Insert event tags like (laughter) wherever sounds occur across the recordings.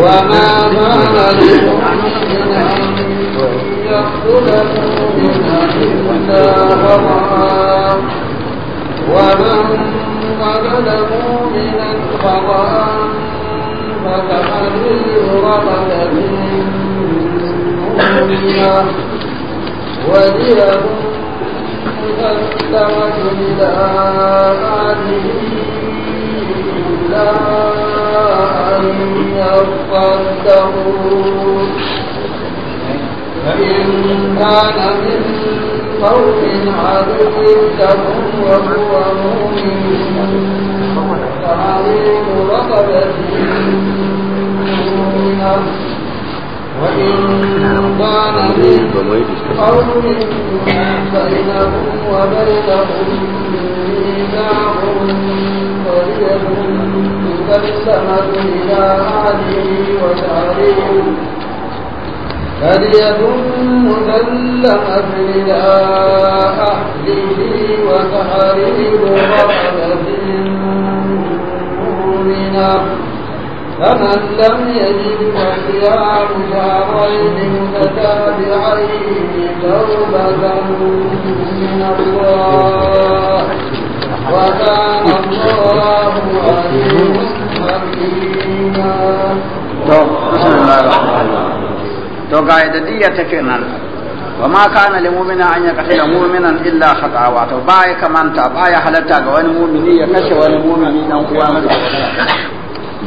وما كان لنفس أن يقتل نفسا إلا خطأ ومن قتل مؤمنا خطأ فتحرير رقبة مؤمنة ودية مسلمة إلى أهله إلا أن يصدقوا فإن كان من قوم عدو وهو مؤمن فعليه رقبة وإن كان من قوم بينهم وبينهم ميثاق وليا فليد مسلمة إلى أهله وتحريم رغبة مؤمنة فمن لم يجد فصيام شهرين متتابعين توبة من الله to ga yadda ta take nan wa ma ka lil limomina an da mu'minan illa khata'a wato ba baya kamanta baya halatta ga wani mu'mini ya kashe wani mu'mini dan uwa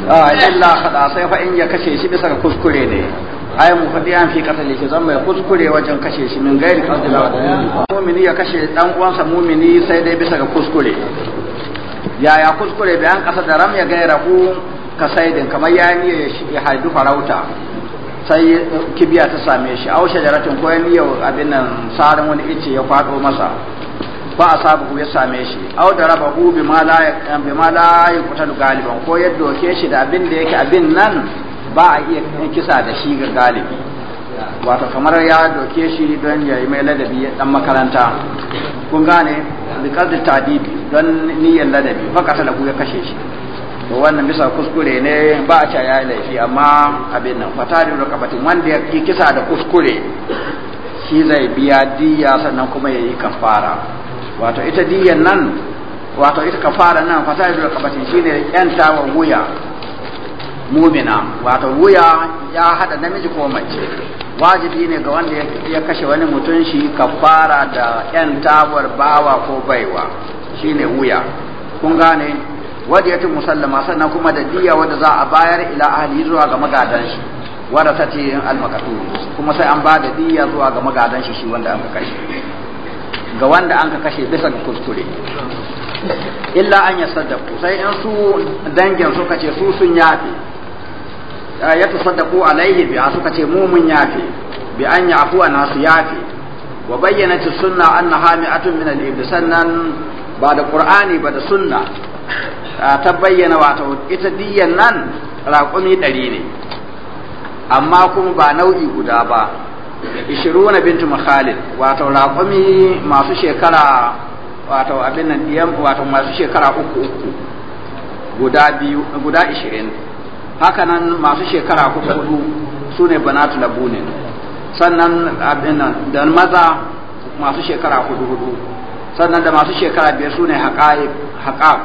a illa khata'a sai fa in ya kashe shi bisa kuskure ne fadi an fi qatl shi zan mai kuskure wajen kashe shi min gairi qatl mu'mini ya kashe dan uwansa mu'mini sai dai bisa ga kuskure yaya kuskure bai an kasa da ram ya gaira ku ka saidin kamar ya ni ya haidu farauta sai kibiya ta same shi au shajaratin ko ya ni abin nan sarin wani ice ya fado masa ba a sabu ku ya same shi au da raba ku bi ma la bi ma la galiban ko ya doke shi da abin da yake abin nan ba a iya kisa da shi ga galibi wato kamar ya doke shi don ya yi mai ladabi dan makaranta kun gane da tadibi don niyyar ladabi ta lagu ya kashe shi to wannan bisa kuskure ne ba a ca ya yi laifi amma abin nan fatarin rakabatin wanda ya kisa da kuskure shi zai biya diya sannan kuma ya yi kafara wato ita diyan nan wato ita kafara nan fatarin rakabatin shine yan tawa wuya mumina wato wuya ya hada namiji ko mace wajibi ne ga wanda ya kashe wani mutum shi kafara da yan tabar bawa ko baiwa shine wuya kun gane wadiyatu musallama sannan kuma da diya wanda za a bayar ila ahli zuwa ga magadan shi warasati al-maqtul kuma sai an ba da diya zuwa ga magadan shi shi wanda an kashe ga wanda an ka kashe bisa ga kuskure illa an yasaddaqu sai in su dangin suka ce su sun yafe ya tasaddaqu alaihi bi suka ce mu mun yafe bi an yafu nasu yafi wa bayyana sunna anna hami'atun min al-ibd sannan ba da qur'ani ba da sunna ta bayyana wato ita diyan nan raƙumi ɗari ne amma kuma ba nau'i guda ba ishiruna bintu makhalid wato raƙumi masu shekara wato abin nan diyan wato masu shekara uku uku guda biyu guda ishirin haka nan masu shekara hudu su ne banatu ne sannan da maza masu shekara hudu hudu sannan da masu shekara biyar su ne haƙaƙ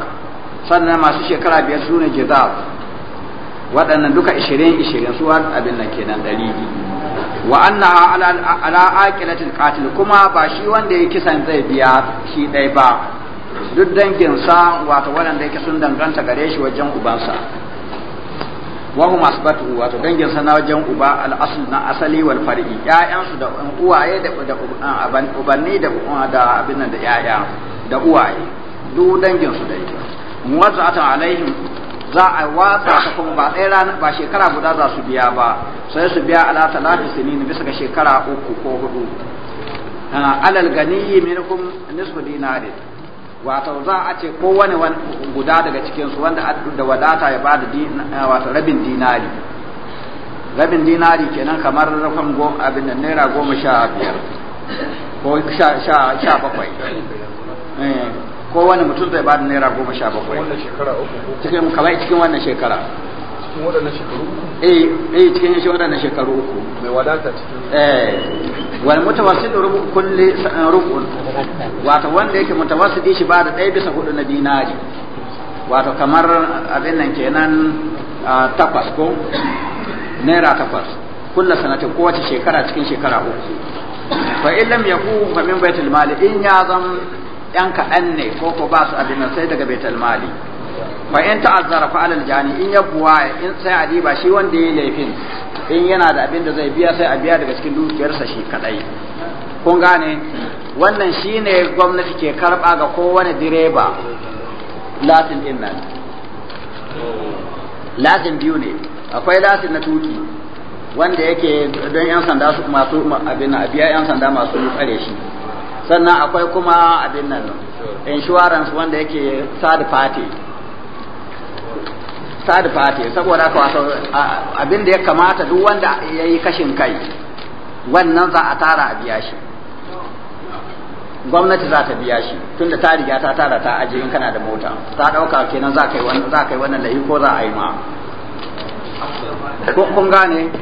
sannan masu shekara biyar su ne jidab waɗannan duka ishirin ishirin su abin nan kenan ɗari wa annaha ala aqilatil qatil kuma ba shi wanda ya kisan zai biya shi ɗaya ba duk danginsa wato waɗanda yake sun danganta gare shi wajen ubansa wa hum asbatu wato dangin sana wajen uba al asl na asali wal far'i su da uwaye da da ubanni da da abin nan da ƴaƴa da uwaye duk dangin su da yake muwazza'atan alaihim za a watsa ta kuma ba ɗaya rana ba shekara guda za su biya ba sai su biya ala talati sinin bisa ga shekara uku ko hudu alal ganiyyi minkum nisfu dinarin wato za a ce kowane guda daga cikinsu wanda da wadata ya bada eh, wato rabin dinari rabin dinari kenan kamar rafin abin da naira goma sha biyar ko sha bakwai eh, kowane mutum zai bada naira goma sha bakwai cikin kamar cikin wannan shekara cikin waɗannan shekaru uku eh, eh cikin waɗannan shekaru uku mai wadata cikin eh wal mutawassil rubu kulli eh, rubun wato wanda yake mutawassidi shi ba da ɗaya bisa hudu na dinari wato kamar abin nan kenan eh, takwas ko naira takwas kulla sanatin kowace shekara cikin shekara uku fa in lam yaku fa min baitul mali in ya zan yan kaɗan ne ko ko ba su abin sai daga baitul mali fa in ta'azzara fa alal jani in ya buwa in sai a diba shi wanda ya laifin in yana da abin da zai biya sai a biya daga cikin dukiyarsa shi kadai kun gane wannan shine gwamnati ke karba ga kowane direba lasin din nan lasin biyu ne akwai lasin na tuki wanda yake don yan sanda su masu abin a biya yan sanda masu tsare shi sannan akwai kuma abin nan insurance wanda yake third party sadu fati saboda haka wato abin da ya kamata duk wanda ya yi kashin kai wannan za a tara a biya shi gwamnati za ta biya shi tunda ta riga ta tara ta aje in kana da mota ta dauka kenan za ka yi wannan za wannan lahi ko za a yi ma kun gane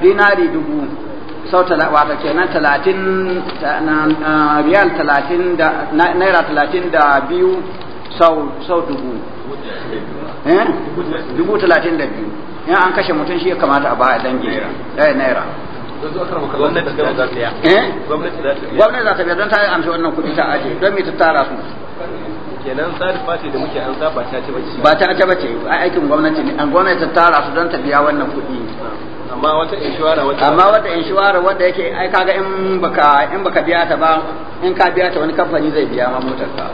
dinari dubu sau wata kenan talatin riyal talatin da naira talatin da biyu sau dubu Eh? dubu talatin da biyu an kashe mutum shi ya kamata a baya dangi ɗaya naira eh, eh? gwamnati za ta biya gwamnati za ta biya don ta amshi wannan kuɗi ta ajiye don me ta tara su kenan tsari fati da muke an ba ta ce bace ba ta ce bace aikin gwamnati ne an gwamnati ta tara su don ta biya wannan kuɗi amma wata inshora wata amma wata wanda yake ai kaga in baka in baka biya ta ba in ka biya ta wani kamfani zai biya ma motar ka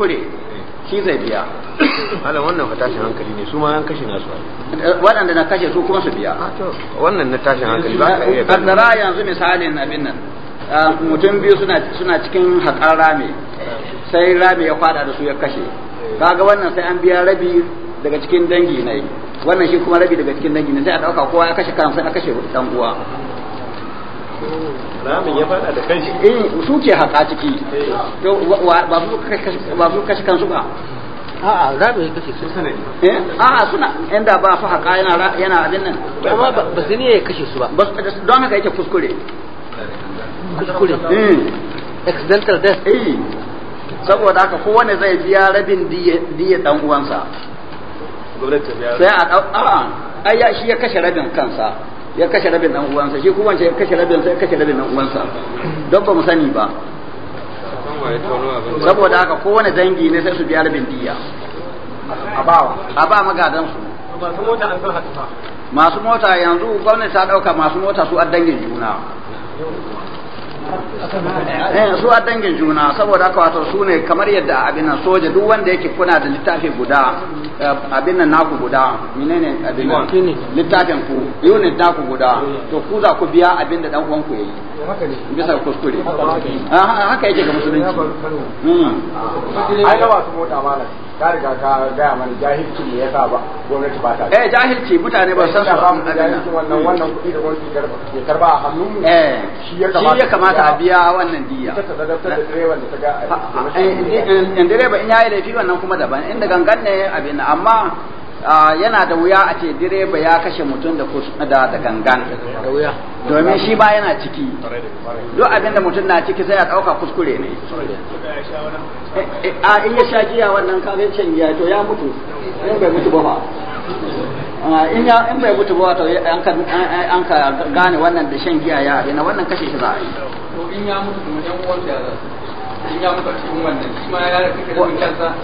kure shi zai biya ana wannan tashin hankali ne su ma yan kashe nasu eh, waɗanda na kashe su kuma su biya ah, wannan na tashin hankali ba ka iya kaddara yanzu misalin abin nan ah, mutum biyu suna cikin haƙar rami sai rami ya fada da su ya kashe kaga wannan sai an biya rabi daga cikin dangi ne wannan shi kuma rabi daga cikin dangi ne sai a ɗauka kowa ya kashe kansa a kashe ɗan uwa ramin ya fada da kanshi eh su ke haka ciki to ba su ba su kashi kansu ba a'a ramin ya kashe su sanadi eh a'a suna inda ba fa haka yana yana abin nan amma ba su ne ya kashe su ba don haka yake kuskure kuskure eh accidental death eh saboda haka kowane zai biya rabin diya dan uwansa sai a a ai shi ya kashe rabin kansa ya kashe rabin dan uwansa shi kuma ya kashe rabin sa kashe rabin dan uwansa don ba mu sani ba saboda haka kowane dangi ne sai su biya rabin diya a ba a ba magadan su masu mota an masu mota yanzu gwamnati ta dauka masu mota su addangin juna Eh, su a dangin juna saboda haka wato su ne kamar yadda abin nan soja duk wanda yake kuna da littafi guda eh, abin nan naku guda menene abin nan littafin ku unit naku guda to ku za ku biya abin da dan uwan ku yayi bisa kuskure ah, haka yake ga musulunci hmm. ai ga wasu mota malaka ka riga ka gaya mana jahilci ne ba gwamnati ba ta eh jahilci mutane ba san su jahilci wannan wannan kuɗi da gwamnati ke karba a hannun eh shi ya kamata shi ya kamata a biya wannan diya ita ta dadaftar da direban da ta ga eh, eh, eh, in direba in yayi laifi wannan kuma daban inda gangan ne abin amma Ah, yana da wuya a ce direba ya kashe mutum da da gangan domin shi ba yana ciki duk abin da mutum na ciki sai ya ɗauka kuskure ne eh, eh, a in ya sha giya wannan kafin giya to ya mutu in bai mutu ba fa ah, in ya in bai mutu ba to an ka an ka gane wannan da shan giya ya abin wannan kashe shi za a yi to in ya mutu kuma yan uwan da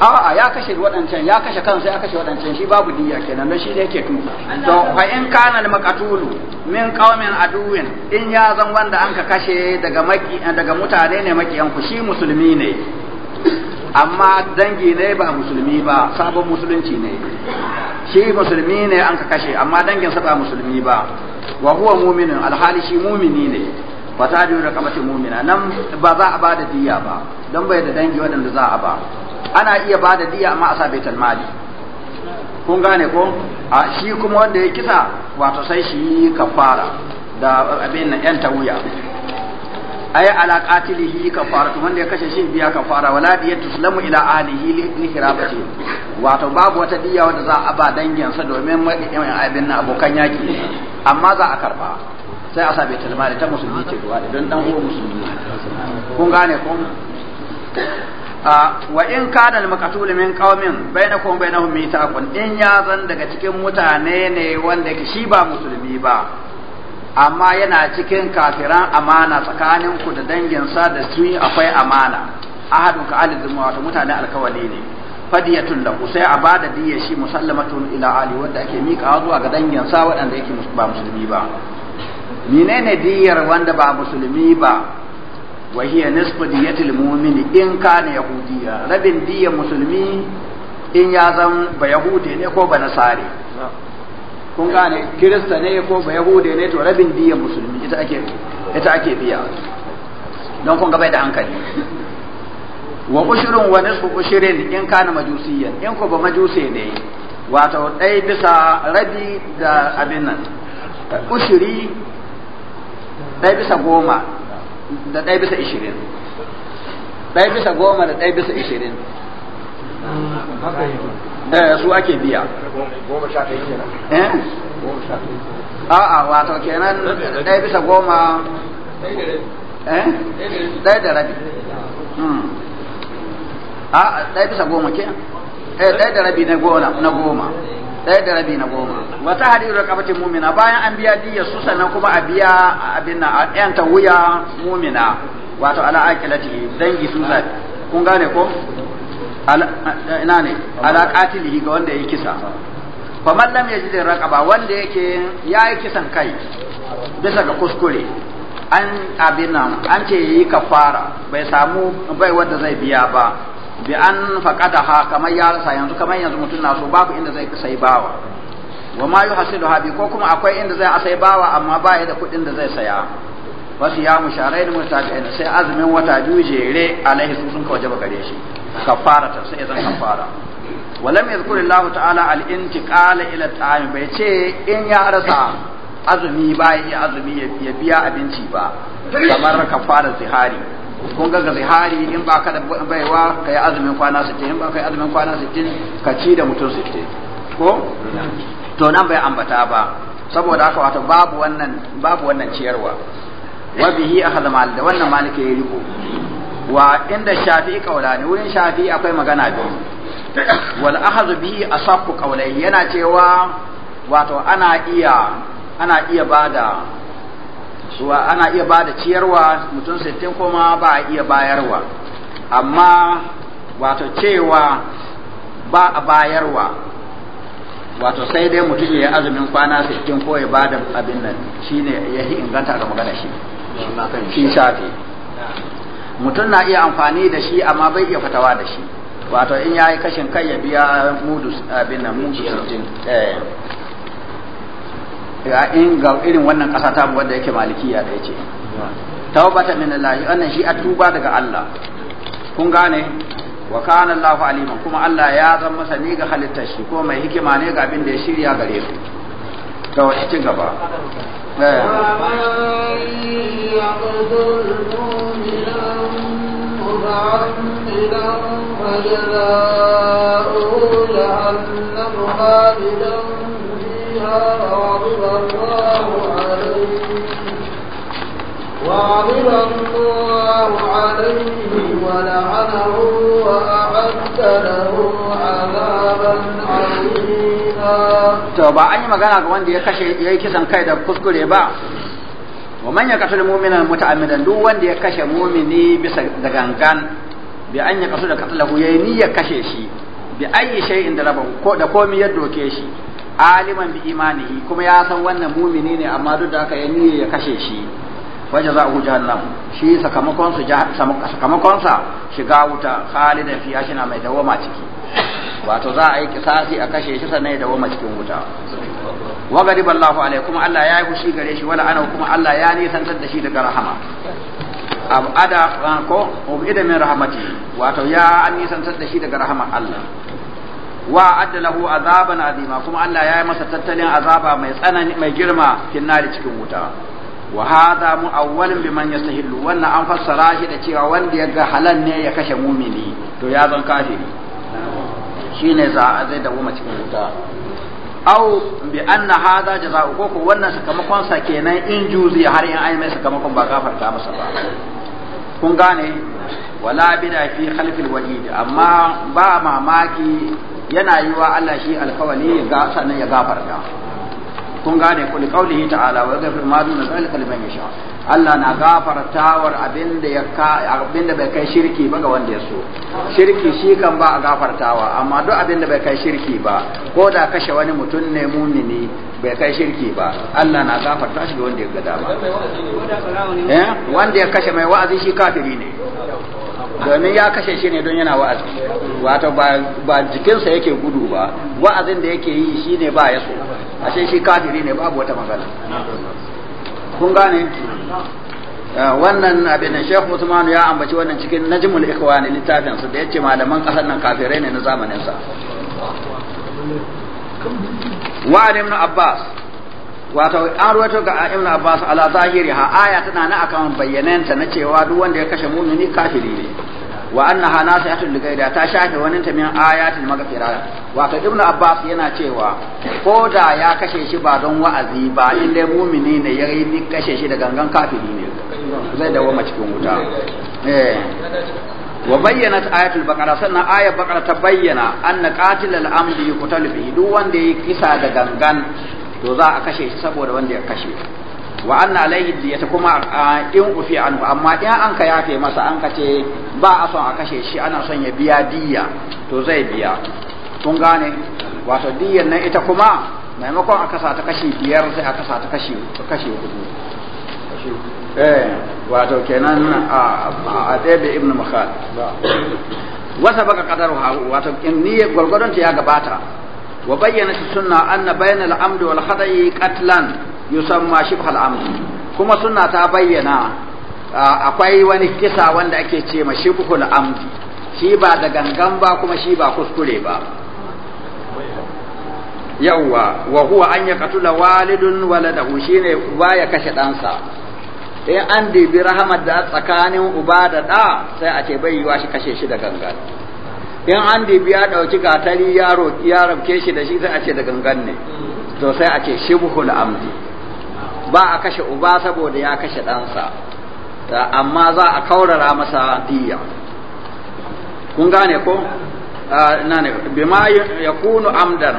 a'a ya kashe waɗancan ya kashe kansa ya kashe waɗancan shi babu diya kenan don shi da yake tuki don fa in kana da makatulu min kawamin aduwin in ya zan wanda an ka kashe daga maki daga mutane ne makiyan ku shi musulmi ne amma dangi ne ba musulmi ba sabon musulunci ne shi musulmi ne an ka kashe amma danginsa ba musulmi ba wa huwa mu'minin alhali shi mu'mini ne fa ta da kamacin mu'mina nan ba za a bada diya ba don bai da dangi waɗanda za a ba ana iya bada diya amma a sa baitul mali kun gane ko a shi kuma wanda ya kisa wato sai shi kafara da abin nan yan tawuya ay ala qatilihi kafaratu wanda ya kashe shi biya kafara wala diyat tuslamu ila alihi li hirabati wato babu wata diya wanda za a ba danginsa domin abin nan abokan yaki amma za a karba sai a sa bai talmari ta musulmi ce gaba da don dan uwan musulmi kun gane kun wa in kana al-maqtul min qaumin bainakum bainahum mitaqun in ya zan daga cikin mutane ne wanda yake shi ba musulmi ba amma yana cikin kafiran amana tsakanin ku da dangin sa da su akwai amana ahadun ka zuma wato mutane alkawali ne fadiyatun ku sai a bada diya shi musallamatun ila ali wanda ake mika zuwa ga dangin sa waɗanda yake ba musulmi ba menene diyar wanda ba musulmi ba wa hiya nisfu diyatil mu'min in kana yahudiya rabin diyar musulmi in ya zan ba yahude ne ko ba nasare kun gane kirista ne ko ba yahude ne to rabin diyar musulmi ita ake ita ake biya don kun bai da hankali wa ushrun wa nisfu ushrin in kana majusiyan in ko ba majusi ne wato dai bisa rabi da abin nan ushiri ɗaya bisa goma da ɗaya bisa ishirin ɗaya bisa goma da ɗaya bisa ishirin eh, su ake biya goma sha ɗaya kenan eh? a'a wato kenan ɗaya bisa goma eh? ɗaya da rabi hmm. a ɗaya bisa goma kenan ɗaya da rabi na goma ɗaya da rabi na goma wata hadiru da kabatin mumina bayan an biya diya su sannan kuma a biya abin na ta wuya mumina wato ala akilati dangi su zai kun gane ko ina ne ala ga wanda yake kisa fa man ya raka ba wanda yake ya yi kisan kai bisa ga kuskure an abin nan an ce ya yi kafara bai samu bai wanda zai biya ba bi an ha kamar ya rasa yanzu kamar yanzu mutum na so babu inda zai sai bawa wa ma ha bi ko kuma akwai inda zai sai bawa amma ba ya da kuɗin da zai saya wasu ya musharai da mutabi'in sai azumin wata biyu jere alaihi sun ka wajaba gare shi kafara ta sai zan kafara wa lam Allah ta'ala al-intiqal ila ta'am bai ce in ya rasa azumi bai ya azumi ya biya abinci ba kamar kafara zihari kun ga zihari in ba ka da baiwa ka yi azumin kwana 60 in ba ka yi azumin kwana 60 ka ci da mutum 60 ko to nan bai ambata ba saboda haka wato babu wannan babu wannan ciyarwa wa bihi akhadha mal da wannan malike ya riko wa inda shafi'i ne wurin shafi'i akwai magana biyu wal akhadhu bihi asaqu qawlai yana cewa wato ana iya ana iya bada suwa ana iya ba da ciyarwa mutum sittin kuma ba a iya bayarwa amma wato cewa ba a bayarwa wato sai dai mutum ya yi azumin kwana sittin ko ya ba da abin nan shi ne ya yi inganta ga magana shi shi shafi mutum na iya amfani da shi amma bai iya fatawa da shi wato in ya yi kashin kai ya biya mudu abin nan mudu in ga irin wannan ƙasa ta mu wanda yake malikiya da yace tawbata min Allah wannan shi a tuba daga Allah kun gane wa kana Allah aliman kuma Allah ya zan masa ni ga halitta shi ko mai hikima ne ga abin da ya shirya gare su to ci gaba eh. فيها وغضب الله عليه وغضب الله عليه ولعنه وأعد له عذابا عظيما to ba an yi magana ga wanda ya kashe ya yi kisan kai da kuskure ba wa man ya kasu mu'mina muta'ammidan duk wanda ya kashe mu'mini bisa da gangan bi an ya kasu da ya yayi niyyar kashe shi bi ayi shay'in da rabahu ko da komai ya doke shi aliman bi imanihi kuma ya san wannan mumini ne amma duk da aka yi ya kashe shi waje za a jahannam shi sakamakon sakamakon sa shiga wuta khalidan fiya shina mai dawama ciki wato za a yi kisasi a kashe shi sanai dawoma cikin wuta wa gari Allahu alaihi kuma Allah ya yi fushi gare shi wala ana kuma Allah ya ni san da shi daga rahama ada ko ubida min rahmati wato ya an ni san da shi daga rahama Allah wa adda lahu azaban azima kuma Allah ya yi masa tattalin azaba mai tsanani mai girma cikin nari cikin wuta wa hadha mu'awwalun biman yastahillu wannan an fassara shi da cewa wanda ya ga halal ne ya kashe mumini to ya zan kafiri shine za zai dawo cikin wuta aw bi anna hadha jazaa'u ko wannan sakamakon sa kenan in juzi har in ai mai sakamakon ba gafarta masa ba kun gane wala bida fi khalqil wajid amma ba mamaki yana yi wa Allah shi alkawali ya ga sanan ya gafarta kun gane kulli qaulihi ta'ala wa yaghfir ma dun zalika liman yasha Allah na gafartawar abinda ya ka abinda bai kai shirki ba ga wanda ya so shirki shi kan ba a gafartawa amma duk abinda bai kai shirki ba ko da kashe wani mutum ne mumini bai kai shirki ba Allah na gafarta shi ga wanda ya ga dama eh wanda ya kashe mai wa'azi shi kafiri ne domin ya kashe shi ne don yana wa'azi wato ba jikinsa yake gudu ba wa'azin da yake yi shi ne ba ya so ashe shi kafiri ne babu wata magana kun gane eh, wannan abin Sheikh Usman ya ambaci wannan cikin Najmul Ikhwan littafin su da yace malaman kasar nan kafirai ne na zamaninsa. sa na Abbas wato an ga ibn abbas ala zahiri ha aya tana na akan bayyananta na cewa duk wanda ya kashe mumini kafiri ne wa annaha nasihatul ligaida ta shafe wani ta min ayatul maghfira wato ibn abbas yana cewa ko da ya kashe shi ba don wa'azi ba in dai mumini ne ya yi kashe shi da gangan kafiri ne zai dawo ma cikin wuta eh wa bayyanat ayatul baqara sannan ayat baqara ta bayyana anna qatilal amdi yuqtalu bi duk wanda ya kisa da gangan to za a kashe shi saboda wanda ya kashe wa anna alaihi diyata kuma in ufi an amma in an ka yafe masa an ka ce ba a son a kashe shi ana son ya biya diya to zai biya kun gane wato diyan nan ita kuma maimakon a sa ta kashi biyar sai a sa ta kashi kashi hudu eh wato kenan a ɗebe ibn makhal wasa baka kadar wato in niyyar gwargwadon ta ya gabata wa bayyana sunna anna bayna al-amd wal khata'i qatlan yusamma shibh al-amd kuma sunna ta bayyana akwai wani kisa wanda ake ce ma shibhul amd shi ba da gangan ba kuma shi ba kuskure ba yawwa wa huwa an ya katula walidun waladahu shine uba ya kashe ɗansa in an dibi rahamar da tsakanin uba da ɗa sai a ce bai yiwa shi kashe shi da gangan in an dibi ya ɗauki gatari yaro ya rabke shi da shi sai a ce da gangan ne to sai a ce shibhul amdi ba a kashe uba saboda ya kashe ɗansa amma za a kaurara masa diya kun gane ko na ne ya kunu amdan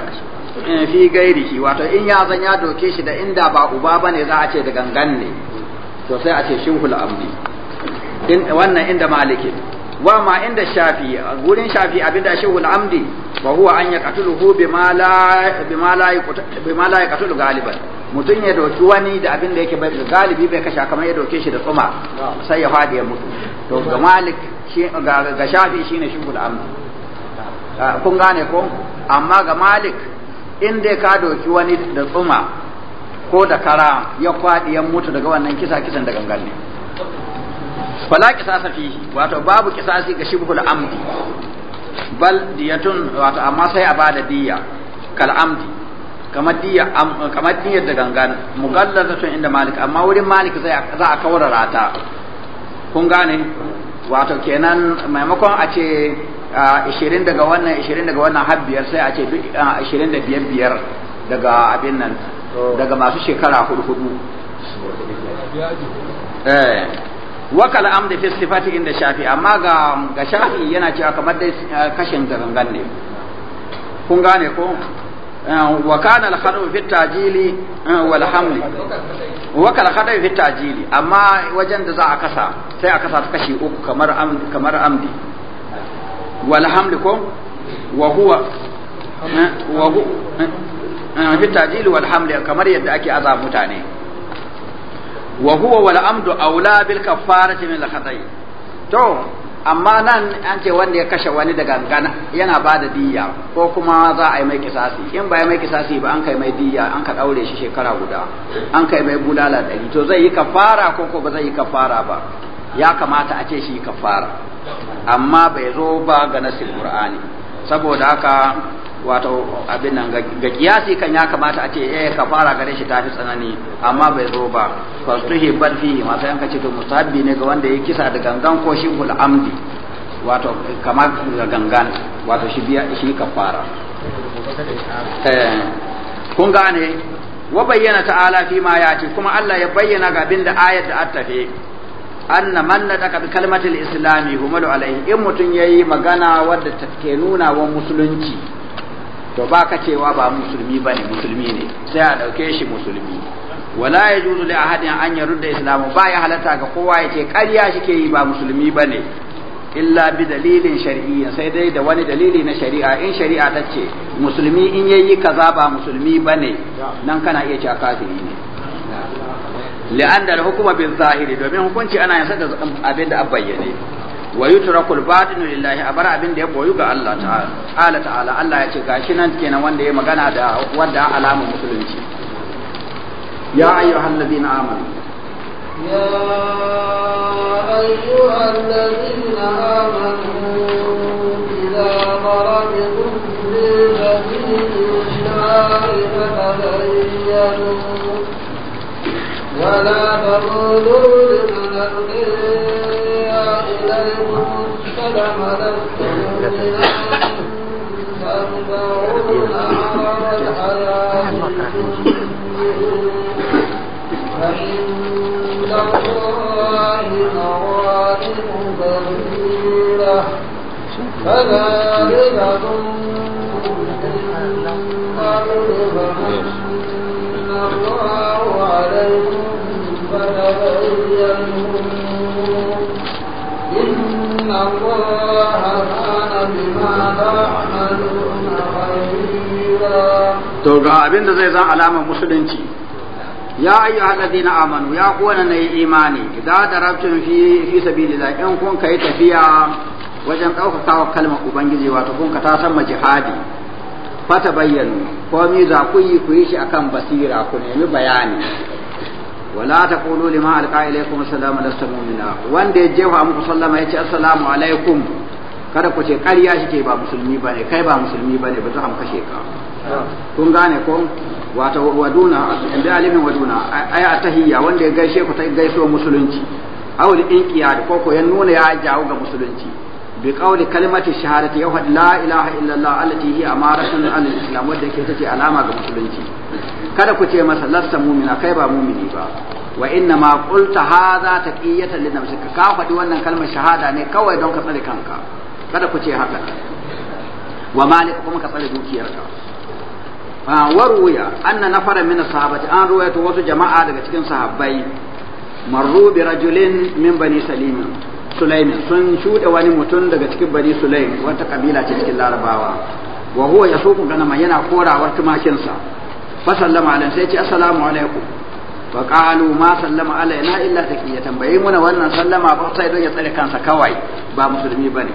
eh, fi gairihi wato in ya zan ya doke shi da inda ba uba bane za a ce da gangan ne to sai a ce shibhul amdi wannan inda maliki wa ma inda shafi gurin shafi abinda shehu al-amdi wa huwa an yaqtuluhu bima la bima la bima la yaqtulu galiban mutun ya doki wani da abinda yake bai galibi bai kasha kamar ya doke shi da tsuma sai ya fadi ya mutu to ga malik shi ga shafi shi ne al-amdi ah, kun gane ko amma ga malik in dai ka doki wani da tsuma ko da kara ya fadi ya mutu daga wannan kisa kisan da gangan ne fala qisasa fihi wato babu qisasi ga shibhul amdi bal diyatun wato amma sai a bada diya kal amdi kamar diya kamar diya da gangan mugallazatun inda malik amma wurin malik sai za a kaurara ta kun gane wato kenan maimakon a ce 20 daga wannan 20 daga wannan har biyar sai a ce 25 biyar daga abin nan daga masu shekara hudu hudu eh wakal am da sifati inda shafi amma ga ga shafi yana cewa kamar dai eh, kashin gangan ne kun gane ko eh, wa kana eh, al khadu fi tajili wal hamli wakal khadu fi tajili amma wajen da za a kasa sai a kasa kashi uku kamar amdi kamar amdi wal hamli ko wa huwa wa fi tajili wal hamli kamar yadda ake azaba mutane wa huwa wal amdu aula bil kaffarati min al khata'i to amma nan an ce wanda ya kashe wani da gangana yana bada diyya ko kuma za a yi mai kisasi in ba ya mai kisasi ba an kai mai diya an ka daure shi shekara guda an kai mai bulala ɗari to zai yi kafara ko ko ba zai yi kafara ba ya kamata a ce shi kafara amma bai zo ba ga nasil qur'ani saboda haka wato abin nan ga kiyasi kan ya kamata a ce eh kafara gare shi tafi tsanani amma bai zo ba hi bal fi ma sai an kace to musabbi ne ga wanda ya kisa da gangan ko shi bul amdi wato kamar ga gangan wato shi biya shi kafara eh kun gane wa bayyana ta'ala fi ma yati kuma Allah ya bayyana ga abinda ayat da attafe anna man nadaka bi kalmatil islami humalu alaihi in mutun yayi magana wadda take nuna wa musulunci to ba ka cewa ba musulmi ba ne musulmi ne sai a ɗauke shi musulmi wala ya juzu da ahadin an ya rudda islamu ba ya halatta ga kowa ya ce ƙarya shi ke yi ba musulmi ba ne illa bi dalilin shari'iyya sai dai da wani dalili na shari'a in shari'a ta ce musulmi in ya yi kaza ba musulmi ba ne nan kana iya cewa kafiri ne li'an da hukuma bin zahiri domin hukunci ana yin da abin da a bayyane wa yutrakul batinu lillahi abara abin da ya boyu ga Allah ta'ala ta'ala Allah ya ce gashi nan kenan wanda ya magana da wanda alamu musulunci ya ayyuhan nabiyina amanu ya ayyuhan nabiyina amanu idza qarabtum fil madinati fatahiyyu ولا تقولوا لمن ألقي المرسل ملكته فعند الله فذلك الله عليكم فتبينوا abinda to ga abin da zai zan alamar musulunci ya ayyu na amanu ya kuwana na yi imani idan da rabtun fi sabi da in kun ka yi tafiya wajen wa kalmar ubangiji wato kun ka ta san jihadi fata bayyanu ko zakuyi za ku yi ku yi shi akan basira ku nemi bayani ولا تقولوا لما القى اليكم السلام assalamu alaikum mu'mina wanda ya jefa muku sallama yace assalamu alaikum kada ku ce ƙarya ke ba musulmi bane kai ba musulmi bane ba zuwa kashe ka kun gane ko wata waduna inda alimin waduna ay atahiyya wanda ya gaishe ku ta gaiso musulunci awul inqiyad ko ko ya nuna ya jawo ga musulunci bi qawli kalimati shahadati ya faɗi la ilaha illallah allati hi amaratun al islam wadda ke tace alama ga musulunci kada ku ce masa lasta mu'mina kai ba mu'mini ba wa inna ma qulta hadha taqiyatan lin nafsika ka faɗi wannan kalma shahada ne kawai don ka tsare kanka kada ku ce haka wa malik kuma ka tsare dukiyarka ah, waruya anna fara min sahabati an ruwaito wasu jama'a daga cikin sahabbai marru bi rajulin min bani salim sulaimin sun shuɗe wani mutum daga cikin bani sulaim wata kabila ce cikin larabawa wa huwa ganama yana korawar tumakinsa fa sallama alai sai ce assalamu alaikum fa qalu ma sallama na illa taqiya tambaye muna wannan sallama ba sai don ya tsare kansa kawai ba musulmi bane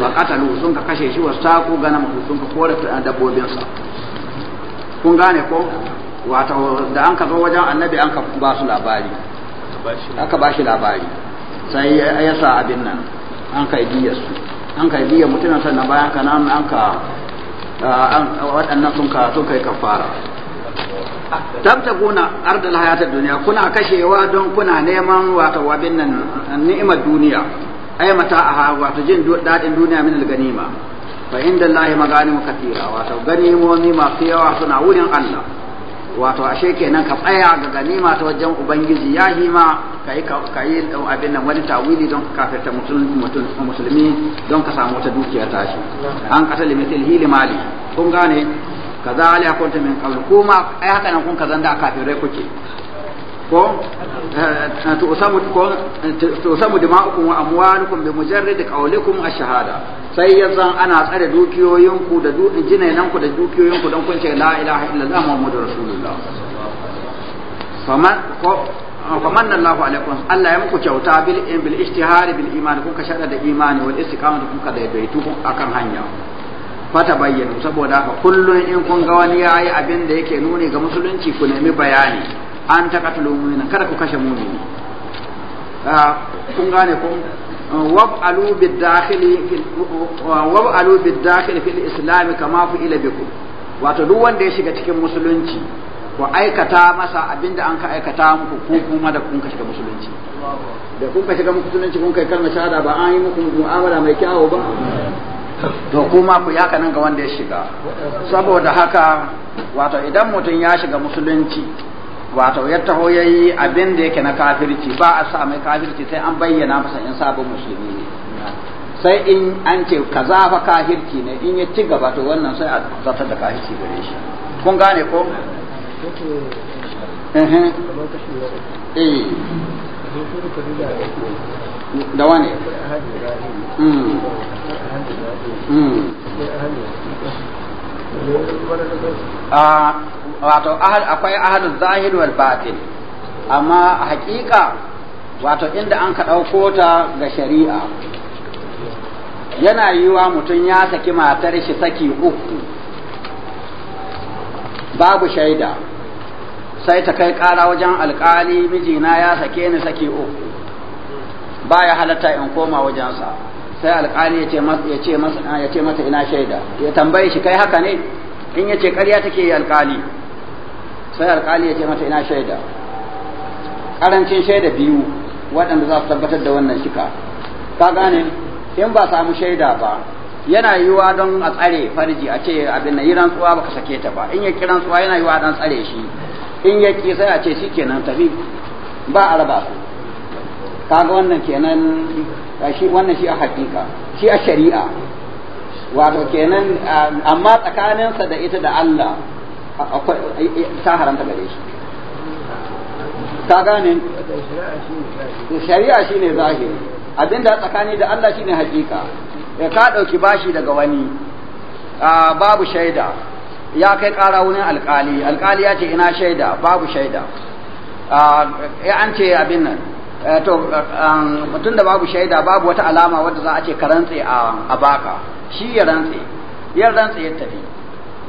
wa qatalu sun ka kashe shi gana mu sun ka kore dabbobinsa kun gane ko wato da an ka zo wajen annabi an ka ba su labari aka ba shi labari sai ya sa abin nan an ka idiyar su an ka mutumin sannan bayan ka nan an ka waɗannan sun ka sun kai kafara kuna ardal hayatar duniya kuna kashewa don kuna neman wato wabin nan ni'imar duniya mata a mata'aha wato jin daɗin duniya min ganima fa inda Allah maganimu katira wato ganimomi masu yawa suna wurin Allah wato ashe kenan ka tsaya ga ganima ta wajen ubangiji ya hima kayi kai abin nan wani tawili don kafirta musulmi don ka samu wata dukiya ta shi an kasa limitil hili mali kun gane kazalika kuntum min qabl kuma ai haka nan kun kazan da kafirai kuke ko eh, eh, to ko tu'samu dima'ukum wa kun bi mujarrid qawlikum a shahada sai yanzan ana tsare dukiyoyinku da ku da dukiyoyinku don kun ce la ilaha illallah muhammadur rasulullah faman ko faman Allahu alaikum Allah ya muku kyauta bil bil ijtihar bil iman kuka shada da imani wal istiqama da kuka daidaitu akan hanya fata bayyana saboda haka kullun in kun ga wani yayi abin da yake nuni ga musulunci ku nemi bayani an taqatulu mu'mina kada ku kashe mu'mini ah, kun gane kun wab'alu bid dakhili wab'alu bid dakhili fil islam kama fu ila bikum wato duk wanda ya shiga cikin musulunci ku aikata masa abinda an ka aikata muku ko kuma da kun ka shiga musulunci da kun ka shiga musulunci kun kai kalmar shahada ba an yi muku mu'amala mai kyawu ba to kuma ku yaka nan ga wanda ya shiga saboda haka wato idan mutum ya shiga musulunci wato ya taho yayi yi abin da yake na kafirci ba a sa mai kafirci sai an bayyana masa in sabon musulmi ne sai in an ce kaza fa kafirci ne in ya ci gaba to wannan sai a zartar da kafirci gare shi kun gane ko Eh. Hmm. Hmm. Ah, wato akwai ahadu zahir wal batin amma a hakika wato inda an ka ɗauko ta ga shari'a yana yiwa mutum ya saki matar shi saki uku babu shaida sai ta kai ƙara wajen alƙali mijina ya sake ni sake o ba ya halatta in koma wajensa sai alƙali ya ce mata ina shaida ya tambaye shi kai haka ne in ya ce ƙarya take yi alƙali sai alƙali ya ce mata ina shaida ƙarancin shaida biyu waɗanda za su tabbatar da wannan shika ka gane in ba samu shaida ba yana yiwuwa don a tsare farji a ce abin nan yi rantsuwa baka sake ta ba in ya ki rantsuwa yana yiwuwa don tsare shi in ya ki sai a ce shi kenan tafi ba a raba su kaga wannan kenan shi wannan shi a hakika shi a shari'a wato kenan amma tsakaninsa da ita da Allah ta haramta gare shi ka gane shari'a shine zahiri abinda tsakani da Allah shine hakika ka ɗauki bashi daga wani babu shaida ya kai ƙara wurin alƙali alƙali ya ce ina shaida babu shaida ya an ce abin nan e, to mutum da babu shaida babu wata alama wadda za a ce ka rantse a baka shi ya rantse ya rantse ya tafi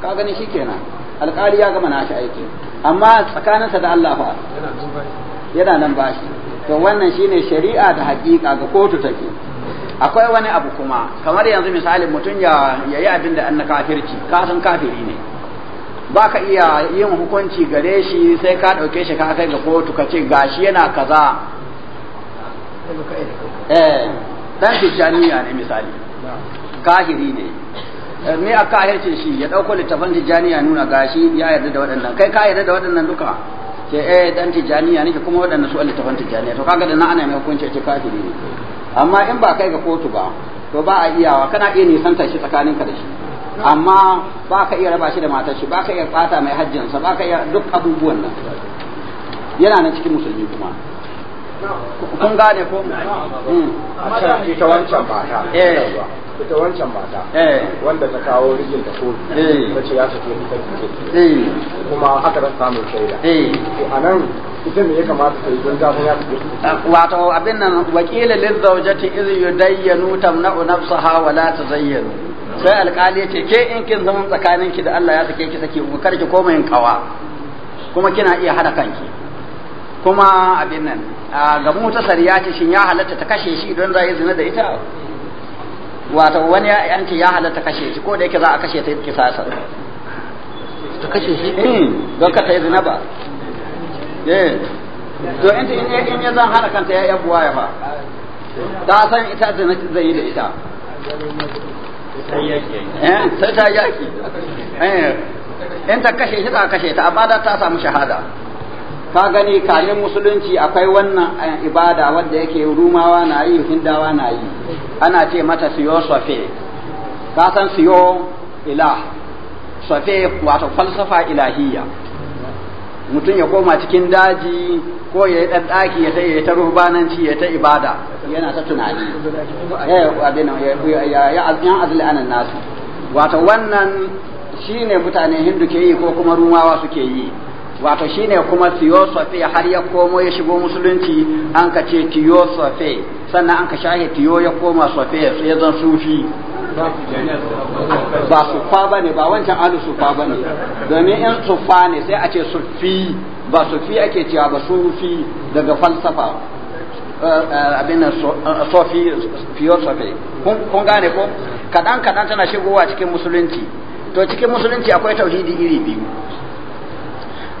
ka gani shi kenan alƙali ya gama nashi aiki amma tsakaninsa da Allah fa yana nan bashi to wannan shine shari'a da haƙiƙa ga kotu take akwai wani abu kuma kamar yanzu misali mutum ya yi abin da annaka kafirci kasan kafiri ne ba ka iya yin hukunci gare shi sai ka ɗauke shi ka kai ga kotu ka ce gashi yana kaza eh dan tijjaniya ne misali kahiri ne eh, me a kahirce shi ya ɗauko littafin tijaniya nuna gashi ya yarda da waɗannan kai ka yarda da waɗannan duka ce eh dan tijjaniya ne kuma waɗannan su littafin tijaniya to kaga da na ana mai hukunci ce kahiri ne amma in ba kai ga kotu ba to ba a iyawa kana iya nisanta shi tsakaninka da shi amma ba ka iya raba shi da matar shi ba ka iya fata mai hajjinsa ba ka iya duk abubuwan nan yana nan cikin musulmi kuma kun gane ko hmm. a can ita wancan mata eh. ita wancan mata eh. wanda ta kawo rigin da ko eh. ta ce ya sake ita jike kuma aka rasa samun shaida to a nan ita me ya kamata ta yi don zafin ya sake wato abin nan wakilin lizzawjati iz yudayyanu tamna'u nafsaha wa la tazayyanu sai alƙali ya ce ke in kin zaman tsakanin ki da Allah ya sake ki sake ku karki koma yin kawa kuma kina iya hada kanki kuma abin nan ga mutasar ya ce shin ya halatta ta kashe shi don zai zina da ita wato wani ya yanki ya halatta kashe shi ko da yake za a kashe ta kisasa ta kashe shi hmm, don ka ta yi zina ba eh, to in ya zan hana kanta ya yabuwa ya ba ta san ita zina zai yi da ita Eh, sai ta yaki eh, in ta kashe shi ta kashe ta amma da ta samu shahada ka gani kamin musulunci akwai wannan eh, ibada wanda yake rumawa na yi hindawa na yi ana ce mata siyo sofe ka san siyo ila sofe wato falsafa ilahiyya mutum ya koma cikin daji ko ya yi ɗaki ya yi ta rubananci ya ta ibada yana ta tunani eh, ya azli anan nasu wato wannan shi ne mutane hindu ke yi ko kuma rumawa suke yi wato ne kuma theosophy har ya komo ya shigo musulunci an ka ce theosophy sannan an ka shahe tiyo ya koma sophy ya zan sufi ba sufa ba ne ba wancan alu sufa ba ne domin in sufa ne sai a ce sufi ba sufi ake cewa ba sufi daga falsafa eh, eh, abin nan eh, sofi philosophy kun gane ko kadan kadan tana shigowa cikin musulunci to cikin musulunci akwai tauhidi iri biyu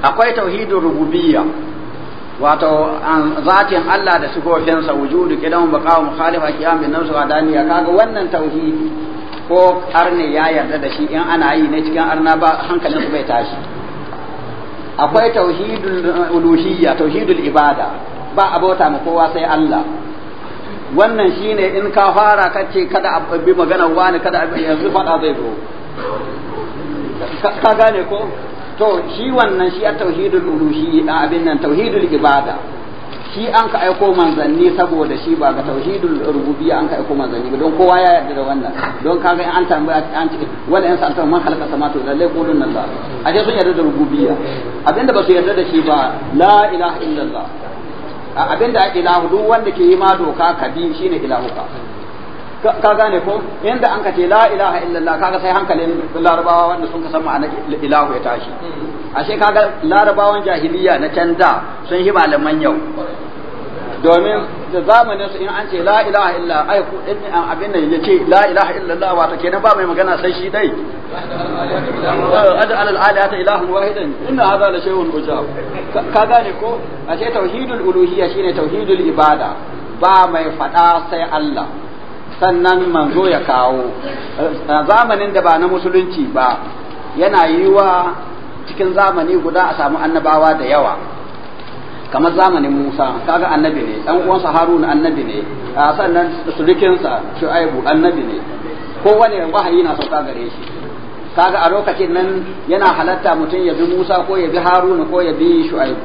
akwai tauhidin rububiyya wato an zatin Allah da sigofinsa wujudu kidan bakawa mukhalifa qiyam bin nafsi daniya kaga wannan tauhidi ko arne ya yarda da shi in ana yi ne cikin arna ba hankalin su bai tashi akwai tauhidul eh, uluhiyya tauhidul ibada ba abota ma kowa sai Allah wannan shine in ka fara kace kada a bi maganar wani kada yanzu fada zai zo ka gane ko to shi wannan shi a tauhidul uluhi abin nan tauhidul ibada shi an ka aiko manzanni saboda shi ba ga tauhidul rububiyya an ka aiko manzanni ba don kowa ya yarda da wannan don kaga in an tambaya an ce wala an sa'alta man halaka samawati wal ardi qulun Allah a sun yarda da rububiyya abinda ba su yarda da shi ba la ilaha illallah abinda ake ilahu duk wanda ke yi ma doka kabi shine ilahuka ka ka gane ko yanda an ka ce la ilaha illallah kaga sai hankalin larabawa wanda sun ka ma'ana ma'anar ilahu ya tashi mm. ashe kaga larabawan jahiliya na can da sun yi malaman yau domin da zamanin su in an ce la ilaha illa ai ku in abin nan yace la ilaha illallah wato kenan ba mai magana sai shi dai aj'al (laughs) al alihata ilahan wahidan inna hadha la shay'un ujab ka gane ko ashe tauhidul uluhiyya shine tauhidul ibada ba mai fada sai Allah sannan manzo ya kawo a zamanin da ba na musulunci ba yana yi wa cikin zamani guda a samu annabawa da yawa kamar zamanin Musa kaga annabi ne ɗan uwansa Harun annabi ne sannan surikinsa Shu'aibu annabi ne kowane wahayi na sauka gare shi kaga a lokacin nan yana halatta mutum ya bi Musa ko ya bi Haruna ko ya bi Shu'aib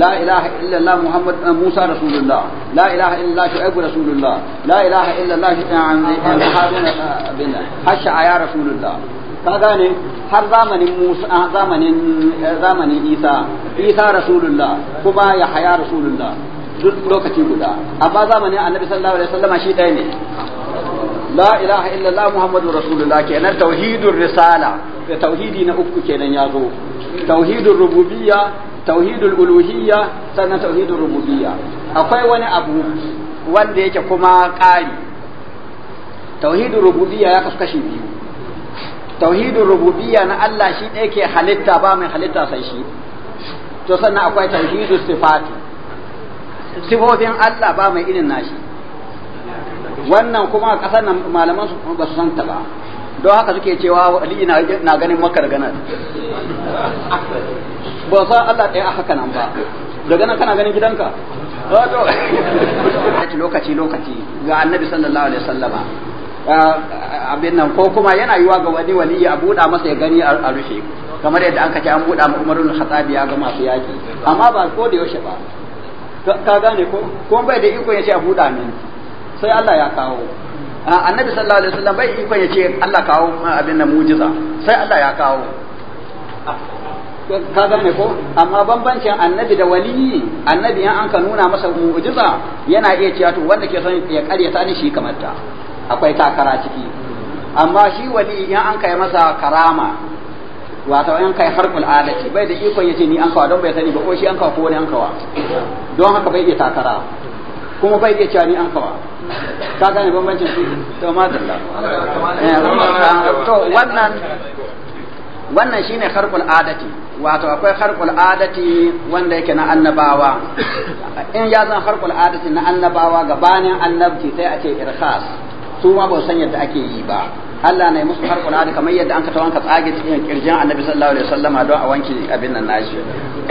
la ilaha illallah Muhammad eh, Musa rasulullah la ilaha illallah Shu'aib rasulullah la ilaha illallah eh, eh, Haruna bin hasha ya rasulullah ka gane har zamanin Musa zamanin zamanin Isa Isa rasulullah kuma ya haya rasulullah duk lokaci guda amma zamanin Annabi sallallahu alaihi wasallama shi ɗaya ne la ilaha illallah muhammadur rasulullah kenan tauhidur risala da tauhidi na uku kenan yazo. zo tauhidur rububiyya tauhidul uluhiyya sannan tauhidur rububiyya akwai wani abu wanda yake kuma ƙari tauhidul rububiyya ya kashi biyu tauhidul rububiya na Allah shi ɗaya ke halitta ba mai halitta sai shi to sannan akwai tauhidul sifati sifofin Allah ba mai irin nashi wannan kuma a ƙasar nan malaman su ba su santa ba don haka suke cewa aliyu na ganin makar ganar ba sa Allah ɗaya a haka nan ba daga nan kana ganin gidanka lokaci lokaci ga annabi sallallahu alaihi wasallama abin nan ko kuma yana yiwa ga wani wali a buɗa masa ya gani a rufe kamar yadda an kace an buɗa ma umarun khatabi ya ga masu yaki amma ba ko da yaushe ba ka gane ko ko bai da iko ya ce a buɗa mini sai Allah ya kawo annabi sallallahu alaihi wasallam bai ikon ya ce Allah kawo abin nan mujiza sai Allah ya kawo ka ga ko amma bambancin annabi da wali annabi an ka nuna masa mu'jiza yana iya cewa to wanda ke son ya karyata ni shi kamar ta akwai takara ciki amma shi wali yan an kai masa karama wato an kai harkul adati bai da ikon yace ni an kawo don bai sani ba ko shi an kawo ko ne an kawo don haka bai iya takara kuma bai ke cani ni an kawa ka gane bambancin su to madalla eh, to wannan wannan shine harkul adati wato akwai harkul adati wanda yake na annabawa in ya zan harkul adati na annabawa gabanin annabci sai a ce irkhas su ma ba san yadda ake yi ba Allah ne musu harkul adati kamar yadda an ka tawanka tsage cikin kirjin annabi sallallahu alaihi wasallama don a wanke abin nan nashi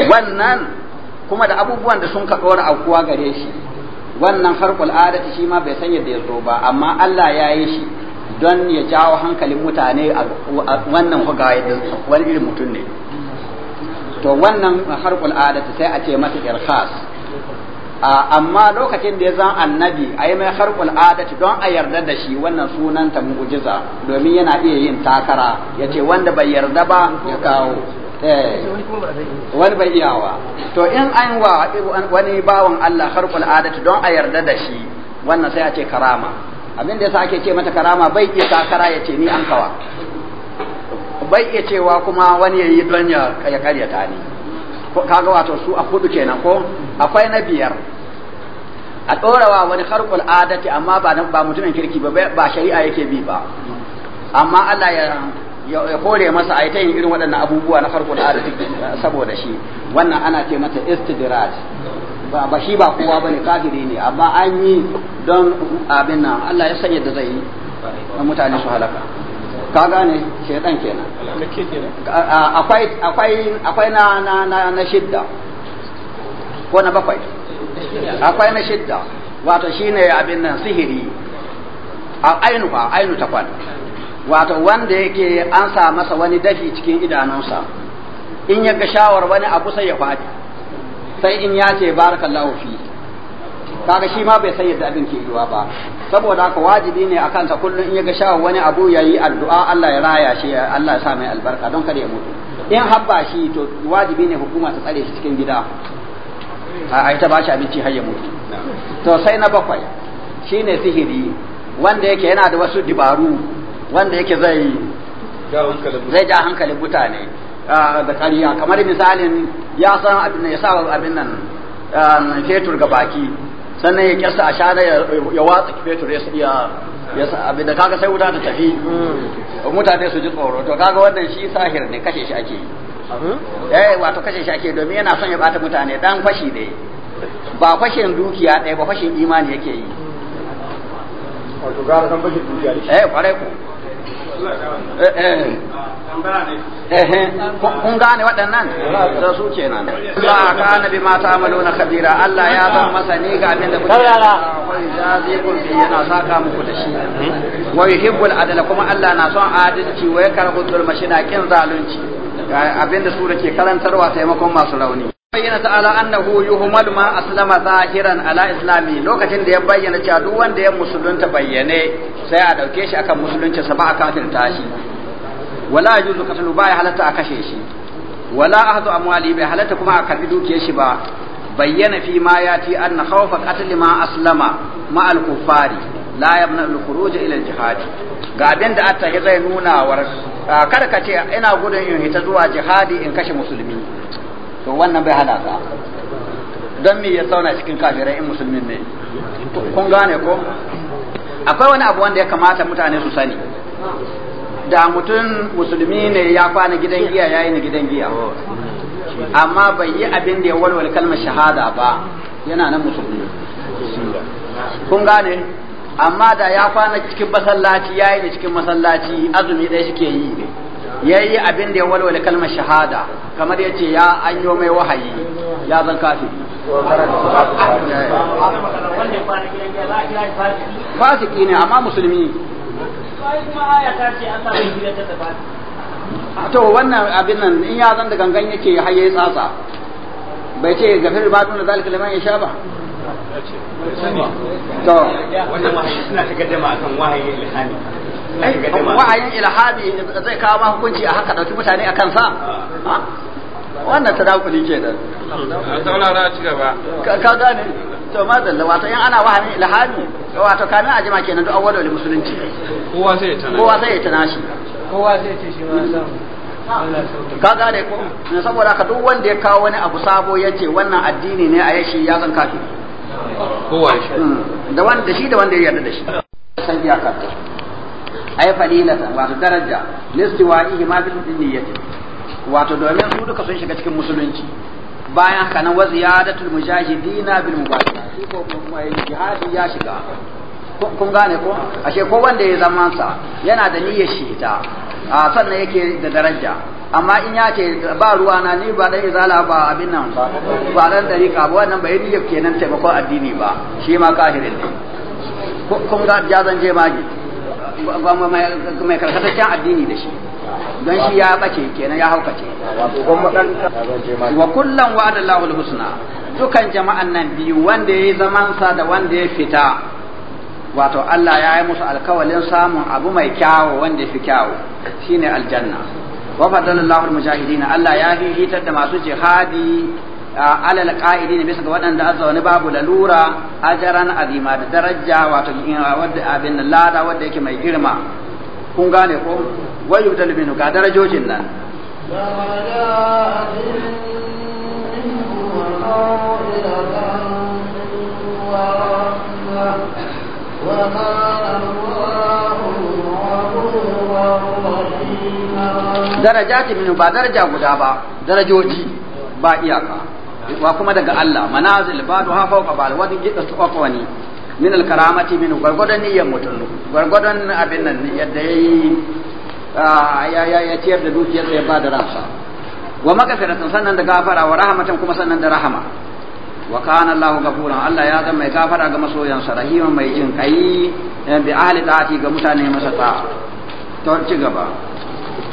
wannan kuma da abubuwan da sun ka dora aukuwa gare shi wannan harkul adati shi ma bai san yadda ya zo ba amma Allah ya yi shi don ya jawo hankalin mutane a wannan huga yadda wani irin mutum ne to wannan harkul adati sai a ce masa irkhas amma lokacin da ya zan annabi a yi mai harkul adati don a yarda da shi wannan sunanta mu'jiza domin yana iya yin takara ya ce wanda bai yarda ba ya kawo Eh. wani bai iyawa to in an wa wani bawan Allah harkul adatu don a yarda da shi wannan sai a ce karama abin da yasa ake ce mata karama bai iya takara ya ce ni an kawa bai iya cewa kuma wani ya yi don ya karyata ni kaga wato su a hudu kenan ko akwai na biyar a ɗorawa wani harkul adati amma ba mutumin kirki ba ba shari'a yake bi ba amma Allah ya ya kore masa a yi ta yin irin waɗannan abubuwa na farko da arziki saboda shi wannan ana ce mata istidirat ba shi ba kowa ba ne kafiri ne amma an yi don abin nan Allah ya sanya da zai yi mutane su halaka ka gane shaidan kenan akwai akwai akwai na na na shidda ko na bakwai akwai na shidda wato shine abin nan sihiri a ainu fa ainu takwan wato wanda yake an sa masa wani dafi cikin idanunsa in ya ga shawar wani abu sai ya faɗi sai in ya ce barakallahu fi kaga shi ma bai san yadda abin ke yiwa ba saboda haka wajibi ne akan sa kullum in ya ga shawar wani abu yayi addu'a Allah ya raya shi Allah ya sa mai albarka don kada ya mutu in habba shi to wajibi ne hukuma ta tsare shi cikin gida a ita ba shi abinci har ya mutu to sai na bakwai shine sihiri wanda yake yana da wasu dabaru. wanda yake zai zai ja hankalin mutane ah, da kariya kamar misalin ya san abin ya sa abin nan ah, fetur ga baki sannan ya kyasa a shana ya watsa fetur ya ya abin da kaga sai wuta ta tafi hmm. mutane su ji tsoro to kaga wannan shi sahir ne kashe shi ake eh wato kashe shi ake domin yana son ya bata mutane dan fashi ne ba fashin dukiya ɗaya ba fashin imani yake yi wato gara san fashin dukiya ne eh kwarai ko Eh, eh. Eh, kun gane waɗannan da su ke nan za a kana bi mata amalo na kabira Allah ya zan ne ga abin da kuke yi yana saka muku da shi wa yuhibbul adala kuma Allah na son adalci wa yakarhu zulma shi na kin zalunci abin da su da ke karantarwa taimakon masu rauni bayyana ta'ala annahu yuhmal ma aslama zahiran ala islami lokacin da ya bayyana cewa duk wanda ya musulunta bayyane sai a dauke shi akan musulunci sa ba a kafirta shi wala yuzu qatlu ba ya a kashe shi wala ahdu amwali bai halatta kuma a karbi duke shi ba bayyana fi ma yati anna khawfa qatl ma aslama ma al kufari la yamna al khuruj ila al jihad ga abin da atta zai nuna war ce ina gudun in hita zuwa jihadi in kashe musulmi to wannan bai hada ka don me ya zauna cikin kafirai in musulmin ne kun gane ko akwai wani abu wanda ya kamata mutane su sani da mutum musulmi ne ya kwana gidan giya ya yi ni gidan giya amma bai yi abin da ya walwal kalmar shahada ba yana nan musulmi kun gane amma da ya kwana cikin masallaci ya yi ni cikin masallaci azumi ɗaya shi ke yi yayi abin da ya walwala kalmar shahada kamar yace ya anyo mai wahayi ya zan kafi fasiki ne amma musulmi to wannan abin nan in ya zan da gangan yake ya yayi tsatsa bai ce gafir ba tun da zalika liman ya sha ba to wannan wahayi zai kawo hukunci a haka dauki mutane a kansa ah. wannan ke da ci ka gane to wato in ana ilhami wato kamin a jima kenan duk awwalo musulunci kowa sai tana shi ka gane ko saboda ka duk wanda ya kawo wani abu sabo ya ce wannan addini ne a yashi ya zan kafiri kowa ya hmm. da wanda shi da wanda ya yarda da shi san iyakar ta ai fadilata wato daraja listiwa'ihi ma bil niyyati wato domin su duka sun shiga cikin musulunci bayan haka nan wa ziyadatul mujahidina bil mubashara shi ko kuma jihadi ya shiga kun gane ko ashe ko wanda ya zaman sa yana da niyyar shi ta sannan yake da daraja amma in ya ce ba ruwa na ni ba dan izala ba abin nan ba ba dan dariƙa ba wannan bai niyyar kenan taimakon addini ba shi ma kafirin ne kun ga jazan je magi ba mai karkataccen addini da shi don shi ya bace kenan ya haukace wa kullum wa adallahu alhusna dukan jama'an nan biyu wanda yayi zaman sa da wanda ya fita wato Allah ya yi musu alkawalin samun abu mai kyawo wanda ya fi kyawo shine aljanna wa fadala Allahu mujahidina Allah ya hitar da masu jihadi alal qa'idina bisa ga waɗanda azza wani babu lalura ajaran azima da daraja wato wadda abin lada wadda yake mai girma kun gane ko wayu da luminu ga darajojin nan وما darajati min ba daraja guda ba darajoji ba iyaka wa kuma daga Allah manazil ba duha fawqa bal wani gida su wani min al karamati min gargadon niyyar mutum gargadon abin nan yadda yayi ya ya ya ciyar da dukiyar ya ba da rafsa wa magfiratan sannan da gafara wa rahmatan kuma sannan da rahama wa kana Allah gafuran Allah ya zama mai gafara ga masoyansa rahiman mai jin kai eh, bi ahli ta'ati ga mutane masa ta to ci gaba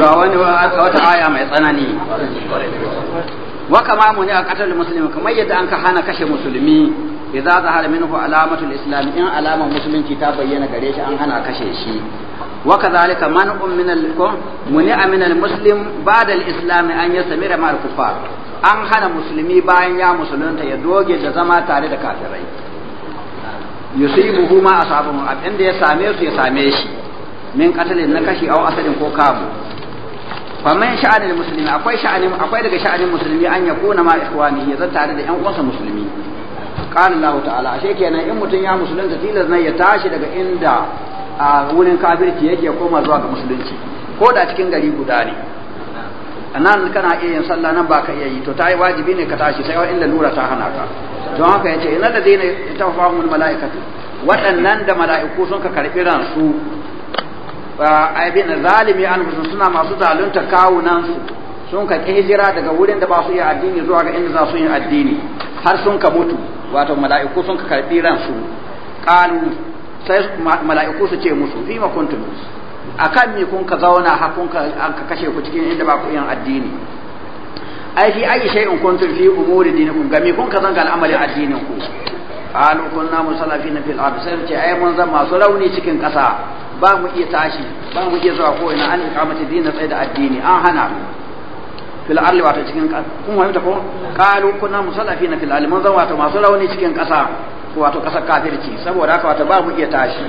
ga wani wata aya mai tsanani wa kama mu ne a ƙasar musulmi kamar yadda an ka hana kashe musulmi idza zahara minhu alamatul islam in alamar musulunci ta bayyana gare shi an hana kashe shi wa kadhalika man'un min al-kum muni'a min al-muslim ba'da al-islam an yasamira ma'al kuffar an hana musulmi bayan ya musulunta ya doge da zama tare da kafirai yusibuhu ma asabahu abin da ya same su ya same shi min qatlin na kashi aw asalin ko kamu faman sha'anil muslimi akwai sha'anin akwai daga sha'anin musulmi an yakuna ma ikhwanihi ya zata tare da yan uwansa musulmi qala Allah ta'ala ashe kenan in mutum ya musulunta tilas nan ya tashi daga inda a wurin kafirci yake koma zuwa ga musulunci ko da cikin gari guda ne anan kana iya yin sallah nan ba ka iya yi to ta wajibi ne ka tashi sai inda lura ta hana ka don haka ya ce ina da mala'ikatu waɗannan da mala'iku sun ka karɓi ransu aibin zalimi an suna masu zalunta kawunansu sun ka hijira daga wurin da ba su yi addini zuwa ga inda za su yi addini har sun ka mutu wato mala'iku sun ka karbi ransu qalu sai mala'iku su ce musu fi ma kuntum akan mi kun ka zauna ha kun ka an ka kashe ku cikin inda ba ku yin addini ai fi ayi in kuntum fi umuri dinikum ga mi kun ka zanga al'amalin addinin ku qalu kunna musallafina fil ard sai ce ai mun zama su rauni cikin kasa ba mu iya tashi ba mu iya zuwa ko ina an iqamati dinin tsaye da addini an hana fil arli wato cikin ƙasa kun fahimta ko qalu kunna na fil arli mun zan wato masu rauni cikin ƙasa wato ƙasar kafirci saboda haka wato ba mu iya tashi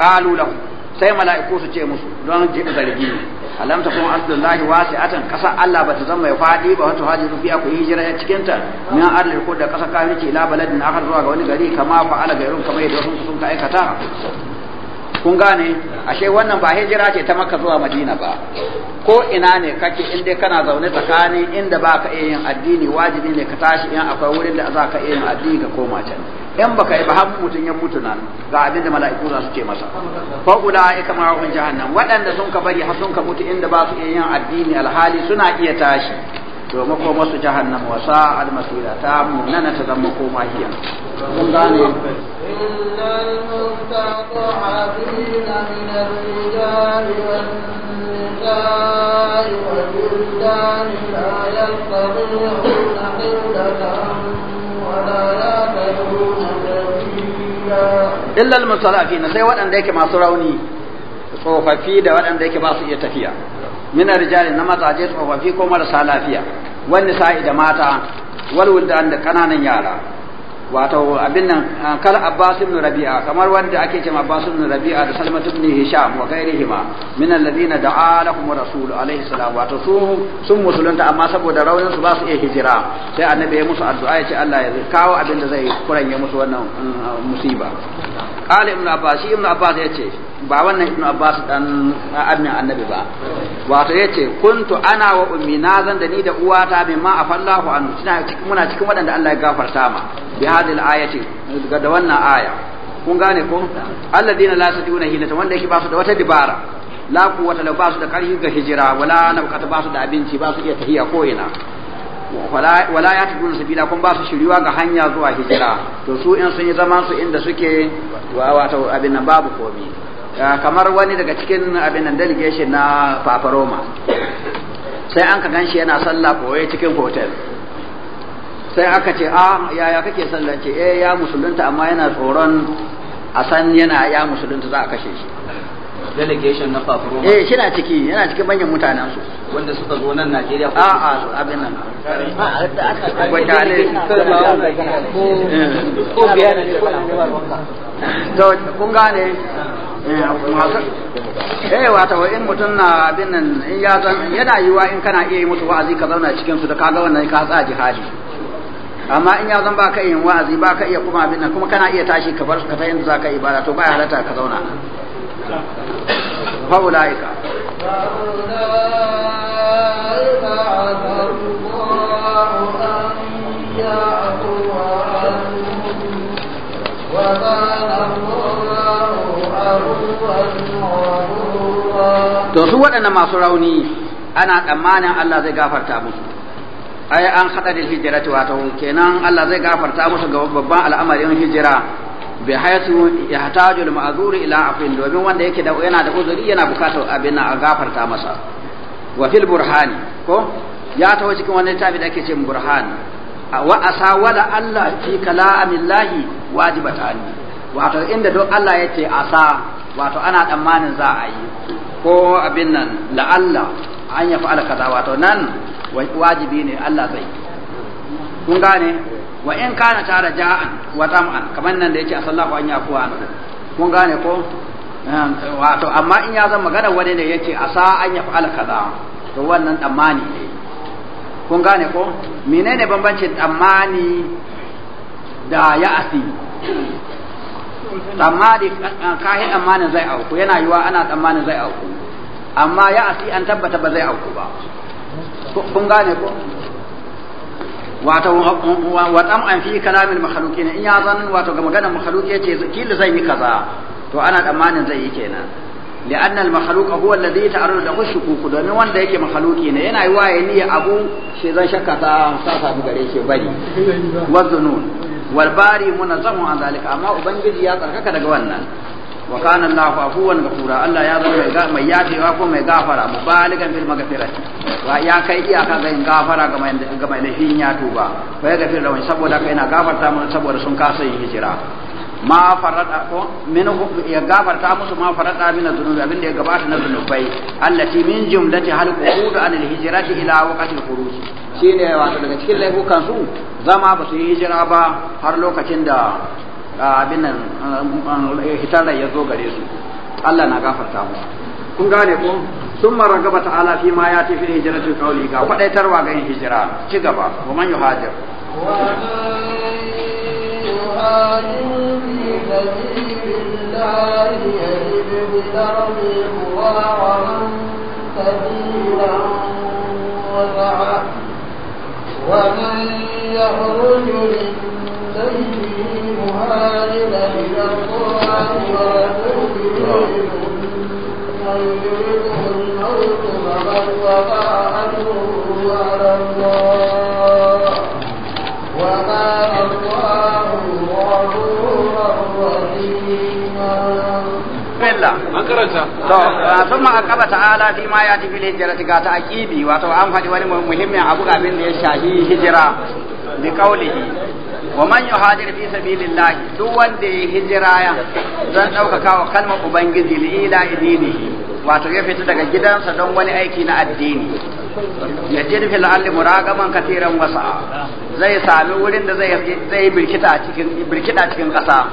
Kalu lahu sai mala'iku su ce musu don zargi alam takun ardullahi wasi'atan ƙasa Allah ta zama ya fadi ba wato hajiru fiya ku hijira ya cikin ta min arli ko da ƙasa kafirci ila baladin akhar zuwa ga wani gari kama fa ala gairun kamar yadda sun ka aikata kun gane ashe wannan ba hijira ce ta maka zuwa madina ba ko ina ne kake inda kana zaune tsakanin inda ba ka iya yin addini wajibi ne ka tashi in akwai wurin da za ka iya yin addini ka koma can in baka yi ba har mutum ya mutu nan ga abin da mala'iku za su ce masa fa ulaika ma'ahum jahannam wadanda sun ka bari har sun ka mutu inda ba su iya yin addini alhali suna iya tashi to makoma su jahannam wa sa'al masira ta munana ta zama koma hiya kun gane innal mustaqabina min ar-rijali wan-nisa'i wal-wildani la yastati'una hawlatan wa la yaqdiruna illa al-musallafina sai waɗanda yake masu rauni tsofaffi da waɗanda yake ba su iya tafiya min rijali na mazaje tsofaffi ko marasa lafiya wani sa'i da mata walwuldan da kananan yara wato abin nan ah, kal Abbas ibn Rabi'a kamar wanda ake cewa Abbas ibn Rabi'a da Salma ibn Hisham wa ghairihima min alladhina da'a lakum rasul alaihi salam wato sun musulunta amma saboda raunin su basu iya hijira sai annabi ya musu addu'a ya ci Allah ya kawo abin da zai kuranye musu wannan mm, musiba qala ibnu abbas ibnu abbas yace ba wannan ibnu abbas dan annabi annabi ba wato yace kuntu ana wa ummi zan da ni da uwata min ma afallahu an suna cikin muna cikin wadanda Allah ya gafarta ma bi hadhihi ayati da wannan aya kun gane ko alladina la hina ta wanda yake ba su da wata dibara la quwwata la ba su da karfi ga hijira wala na ba su da abinci ba su iya tahiya ko ina wala ya tafi sabila kun ba su shiriwa ga hanya zuwa hijira to su in sun yi zaman su inda suke wato abin nan babu komi kamar wani daga cikin abin nan delegation na paparoma sai an ka ganshi yana sallah koye cikin hotel sai aka ce a ah, yaya kake sallah ce eh ya musulunta amma yana tsoron a san yana ya musulunta za a kashe shi delegation na Fafaroma eh shi na ciki yana cikin manyan mutanen su wanda suka zo nan Najeriya a a abin nan ko eh. biya ne ko to kun gane eh, eh wata wa in mutum na abin nan in ya zan yana yiwa in kana iya yi musu wa'azi ka zauna cikin su da ga wannan ka tsa jihadi amma in ya zan ba ka yin wa'azi ba ka iya kuma abin nan kuma kana iya tashi ka bar su ka ta yanda za ka ibada to ba ya halatta ka zauna فأولئك To su waɗannan masu rauni ana tsammanin Allah zai gafarta musu. ai an hada da hijira ta wato kenan Allah zai gafarta musu ga babban al'amarin hijira bai hayatu yahtaju al ila afin domin wanda yake da yana da uzuri yana bukatar abin a gafarta masa wa fil burhani ko ya taho cikin wani tabi da ake ce burhan wa asawala Allah fi kalamillahi wajibatan wato inda duk Allah ya ce asa wato ana tsammanin za a yi ko abin nan Allah an ya fa'ala kaza wato nan wajibi ne Allah zai kun gane wa in kana tara ja'an wa tam'an kamar nan da yake a sallahu an yafuwa an kun gane ko ehm, wato amma in ya zama magana wani ne yake a sa an ya fa'ala kaza to wannan tsammani ne kun gane ko menene bambancin tsammani da ya'asi tsammani eh, kahin tsammanin zai auku yana yiwa ana tsammanin zai auku amma ya'asi an tabbata ba zai auku ba kun gane ko wato wa an fi kalamin makhluqin in ya zan wato ga maganar makhluqi yace kila zai yi kaza to ana tsammanin zai yi kenan لأن المخلوق هو الذي يتعرض له الشكوك domin wanda yake makhluki ne yana yi waye ni abu shi zan shakka ta sa samu gare shi bari wa zunun wal bari munazzamu an zalika amma ubangiji ya tsarkaka daga wannan wa kana Allahu afuwan ghafura Allah ya zama mai yadewa ko mai gafara mu balikan fil maghfirati wa ya kai iya ka gain gafara ga mai ga mai laifin ya tuba fa ya gafir da wani saboda kai na gafarta mu saboda sun kasa yin hijira ma farada ko min ya gafarta musu ma farada min zunubi abinda ya gabata na zunubai allati min jumlati hal qud an al hijrati ila waqti al khuruj shine wato daga cikin laifukan su zama ba su yi hijira ba har lokacin da abin nan hitarar ya zo gare su Allah na gafarta musu kun gane ko sun mara gaba ta'ala fi ma ya tafi hijiratul kauli ga kwadaitarwa ga yin hijira ci gaba wa man yuhajir ومن يخرج من sun ma akaba ta'ala fi ma ya tafi lijira ta aqibi wato an faɗi wani muhimmin abu abin da ya shahi hijira biƙaulihi wa man yuhajir fi lillahi duk wanda ya hijira zan ɗaukaka wa kalmar ubangiji li ila idinihi wato ya fita daga gidansa don wani aiki na addini ya ce nufin la'alli muragaman katiran wasa zai sami wurin da zai birkita cikin ƙasa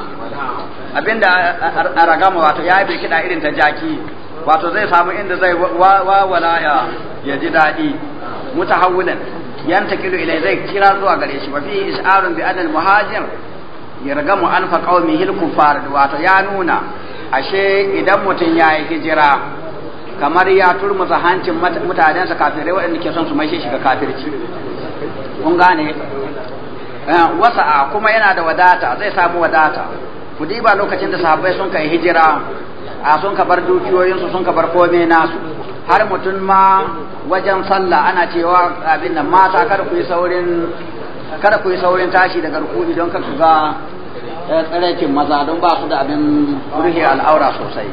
abinda a ragama wato ya yi birkita irin ta jaki wato zai samu inda zai wawala ya ji daɗi mutahawunan yantakilu ilai zai kira zuwa gare shi ba fi isharun bi anil muhajir yargamu anfa qaumihi al kufar wato ya nuna ashe idan mutum ya yi hijira kamar ya turmusa hancin mutanensa kafirai waɗanda ke son su maishe shi ga kafirci kun gane eh, wasa'a kuma yana da wadata zai samu wadata ku diba lokacin da sahabbai sun kai hijira a sun ka bar dukiyoyinsu sun ka bar komai nasu har mutum ma wajen sallah ana cewa abin nan mata kada ku yi saurin kada ku yi saurin tashi daga ruku don kar ku ga eh, tsirakin maza don ba su da abin ruhi al'aura sosai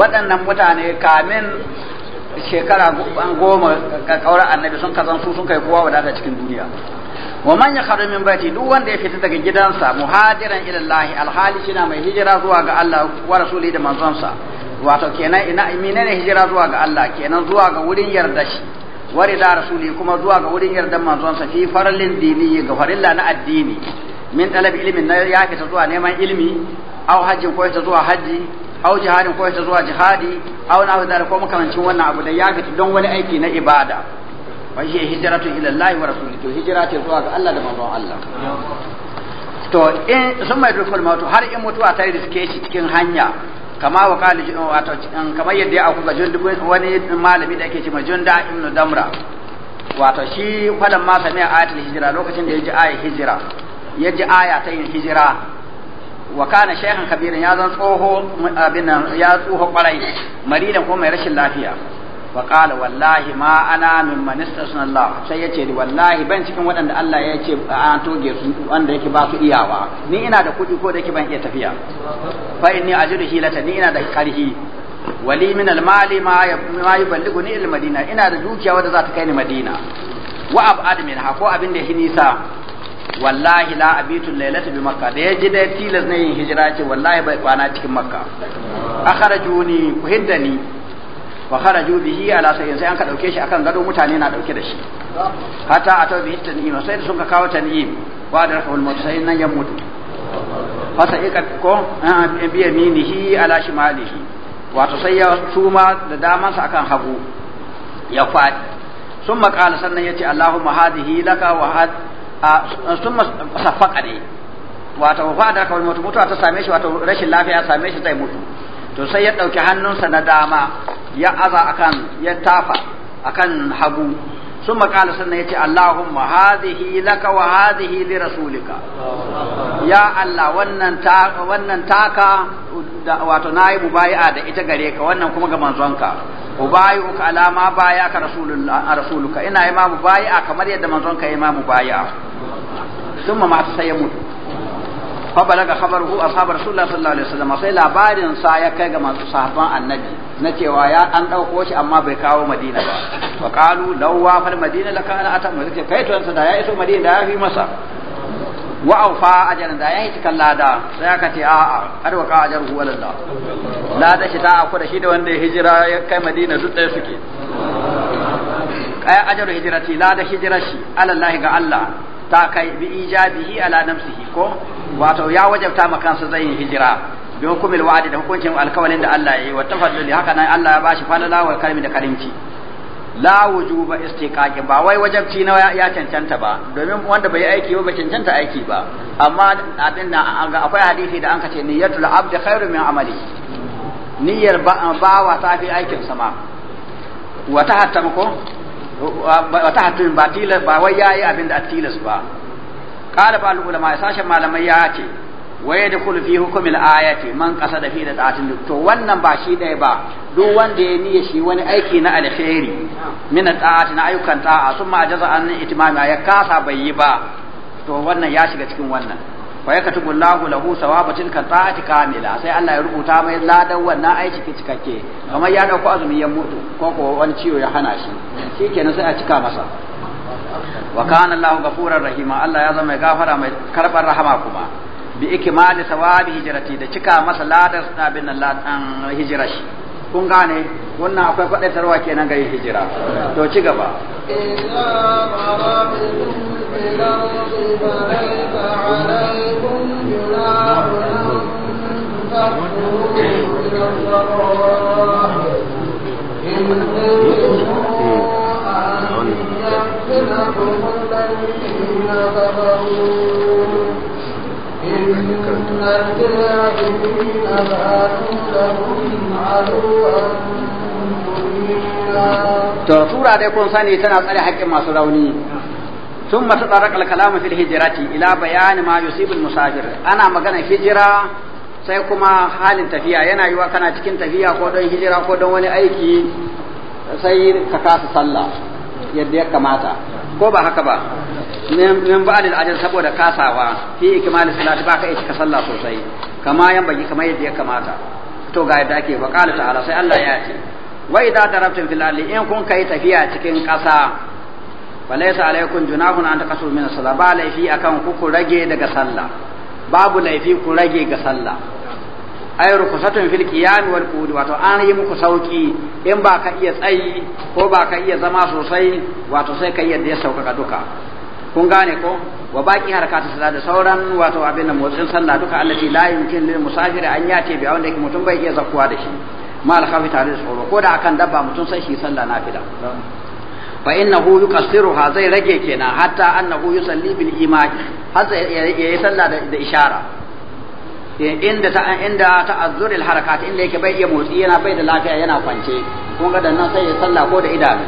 waɗannan mutane kamin shekara goma kakawar annabi sun kazan sun kai kowa wadata cikin duniya wa man yakhru min baiti duk wanda ya fita daga gidansa muhajiran ila Allah alhali shina mai hijira zuwa ga Allah wa rasuli da manzonsa wato kenan ina menene hijira zuwa ga Allah kenan zuwa ga wurin yarda shi wa rida rasuli kuma zuwa ga wurin yardan manzonsa fi farallin dini ga farilla na addini min talab ilmin na ya fita zuwa neman ilmi aw hajjin ko ta zuwa haji jihadin ko zuwa jihadi na ko makamancin wannan abu da ya fita don wani aiki na ibada wa hiya hijratu ila Allah wa rasulihi to hijira zuwa ga Allah da manzon Allah to in sun mai dukkan mautu har in mutuwa ta riske shi cikin hanya kama wa kali wato kamar yadda ya auku ga wani malami da yake cewa junda ibn damra wato shi fadan ma sami ayatul hijira lokacin da ya ji hijira ya ji aya ta yin hijira wa kana shaykhan kabirin ya zan tsoho abin ya tsoho kwarai maridan ko mai rashin lafiya wa wallahi ma ana mimman istasna Allah sai yace wallahi ban cikin waɗanda Allah ya ce an toge su wanda yake ba su iyawa ni ina da kuɗi ko da yake ban iya tafiya fa inni ajidu hilata ni ina da karhi wali min almali ma ma ni ila madina ina da dukiya wadda za ta kai ni madina wa ab'ad min ha ko abin da yake nisa wallahi la abitu lailata bi makka da yaji da tilas na yin hijira ce wallahi bai kwana cikin makka akhrajuni ku hiddani wa kharaju bihi ala sai sai an ka dauke shi akan gado mutane na dauke da shi hatta atau bihi tan'im sai sun ka kawo tan'im wa da rahul maut sai nan ya mutu fasa ika ko an bi yaminihi ala shimalihi wato sai ya suma da sa akan hagu ya fadi sun maƙala sannan ya ce Allahumma hadihi laka wa had sun masafaka ne wato fada kawai mutu mutuwa ta same shi wato rashin lafiya same shi zai mutu to sai ya ɗauki hannunsa na dama ya aza akan ya tafa akan hagu ya قال 'Allahumma hadihi اللهم wa hadihi وهذه لرسولك Ya Allah wannan taka da wato nayi mubai'a da ita gare ka wannan kuma ga manzonka mubai'uka alama baya ka rasulullah rasuluka ina yi ma mubai'a kamar yadda manzonka yi ma mubai'a thumma ma sai mutu fa balaga khabaruhu ashab rasulullah sallallahu alaihi wasallam sai labarin sa ya kai ga masu sahabban annabi na cewa ya an ɗauko shi amma bai kawo madina ba wa qalu law wafal madina la kana atam yake kai to da ya iso madina da ya fi masa wa aufa ajran da ya yi cikin lada sai aka ce a'a har wa ka ajar huwa lillah lada shi ta aku da shi da wanda ya hijira ya kai madina duk ɗaya suke kai ajaru hijirati lada hijirar shi alallahi ga Allah ta kai bi ijabihi ala nafsihi ko wato ya wajabta ma kansa zai hijira bi hukumil wa'di da hukuncin alkawalin da Allah ya yi wa tafaddali haka nan Allah ya bashi falala wa karmi da karimci la wujuba istiqaqi ba wai wajabci na ya cancanta ba domin wanda bai aiki ba cancanta aiki ba amma abin da akwai hadisi da an kace niyyatul abdi khairu min amali niyyar bawa ta fi aikin sama wa hatta ko wa hatta ba tilas ba wai yayi abin da tilas ba qala ba ulama sashen malamai ya ce waye da kulu fi hukumil ayati man kasa da fi da tatin to wannan ba shi ɗaya ba duk wanda ya niyya shi wani aiki na alheri min ta'ati na ayyukan ta'a summa ma jaza an itimami ya kasa bai yi ba to wannan ya shiga cikin wannan wa yakatubu Allahu lahu sawabatin tilka ta'ati kamila sai Allah ya rubuta mai ladan wannan aiki cikakke kamar ya dauko azumi ya mutu ko ko wani ciwo ya hana shi shikenan sai a cika masa wa kana Allahu ghafurar rahima Allah ya zama mai gafara mai karbar rahama kuma bi ikmali sawabi hijrati da cika masa ladar abin Allah hijira shi kun gane wannan akwai tarwa kenan ga hijira to ci gaba إنكم لن to sura dai kun sani tana tsare haƙƙin masu rauni ثم تطرق الكلام في الهجرة ila bayani ma يصيب musafir ana magana hijira sai kuma halin tafiya yana yiwa kana cikin tafiya ko don hijira ko dan wani aiki sai ka kasa sallah yadda ya kamata ko ba haka ba min ba'dil ajal saboda kasawa fi ikmal salat ba ka cika sallah sosai kama yan baki kama yadda ya kamata to ga yadda ake wa qala ta'ala sai Allah ya ce wa idza darabtum fil ardi in kun kai tafiya cikin ƙasa falaysa alaykum junahun an ta min salat ba laifi akan ku ku rage daga sallah babu laifi ku rage ga sallah ay rukusatun fil qiyam wal qud wato an yi muku sauki in ba ka iya tsayi ko ba ka iya zama sosai wato sai ka yadda ya sauƙaƙa duka kun gane ko wa baki harakatu sallah da sauran wato abin da motsin sallah duka allati la yumkin lil musafir an yati bi wanda yake mutum bai iya zakkuwa da shi ma al khafi tare da tsoro ko da akan dabba mutum sai shi sallah nafila fa innahu yuqassiruha zai rage kenan hatta annahu yusalli bil imaji har yayi sallah da ishara inda ta inda azzuril harakat inda yake bai iya motsi yana bai da lafiya yana kwance kun ga nan sai ya sallah ko da idanu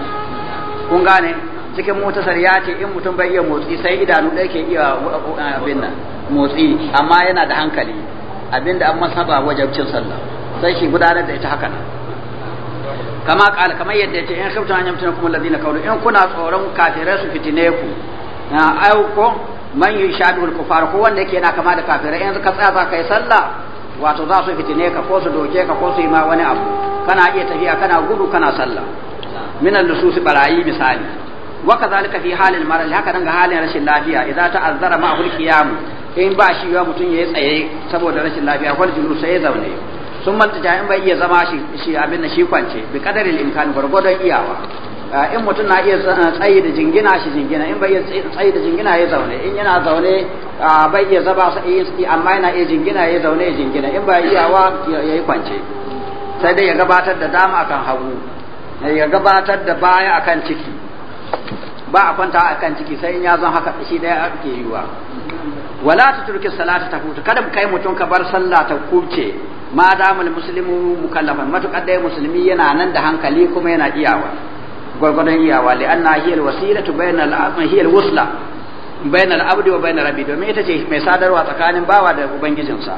kun gane cikin mutasar ya ce in mutum bai iya motsi sai idanu ɗaya ke iya uh, abin nan motsi amma yana da hankali abinda an masaba wajen cin sallah sai shi gudanar da ita haka nan kama kala kamar yadda yace in khiftu an yamtuna kuma ladina kafaru in kuna tsoron kafirai su fitine ku na ai ko man yushabihu al-kufar ko wanda yake yana kama da kafirai in ka tsaya za yi sallah wato za su fitine ka ko su doke ka ko su yi ma wani abu kana iya tafiya kana gudu kana sallah min al-lususi barayi misali wa kazalika fi halil maral haka nan ga halin rashin lafiya idza azzara ma hul qiyam in ba shi ya mutun yayi tsaye saboda rashin lafiya wal julus sai zaune sun manta in bai iya zama shi shi abin da shi kwance bi kadarin imkan gurgudan iyawa ah, in mutum na iya ah, tsayi da jingina shi jingina in bai iya tsayi da jingina ya zaune in yana zaune ah, bai iya zaba sai eh, eh, amma yana iya jingina ya zaune ya jingina in bai iyawa ya yi kwance sai dai ya gabatar da dama akan hagu ya gabatar da baya akan ciki ba a kwanta a kan ciki sai in ya zan haka shi daya ake yiwa wala ta turki salata ta hutu kada kai mutum ka bar sallah ta kuce ma damul muslimu mukallafan matukar da musulmi yana nan da hankali kuma yana iyawa gwargwadon iyawa li anna hiya alwasilatu bayna al hiya alwusla bayna al wa bayna rabbi domin ita ce mai sadarwa tsakanin bawa da ubangijinsa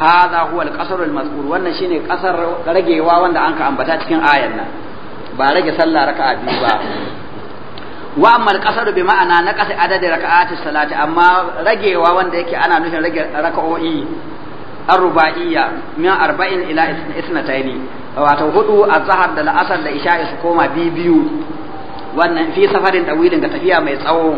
hadha huwa alqasr almazkur wannan shine kasar ragewa wanda an ka ambata cikin ayan nan ba rage sallah raka'a biyu ba wa amma al-qasar bi ma'ana na qasa adadin raka'ati salati amma ragewa wanda yake ana nufin rage raka'o'i ar-ruba'iyya min arba'in ila isnataini wato hudu az-zahar da al-asr da isha'i su koma bi biyu wannan fi safarin dawilin ga tafiya mai tsawo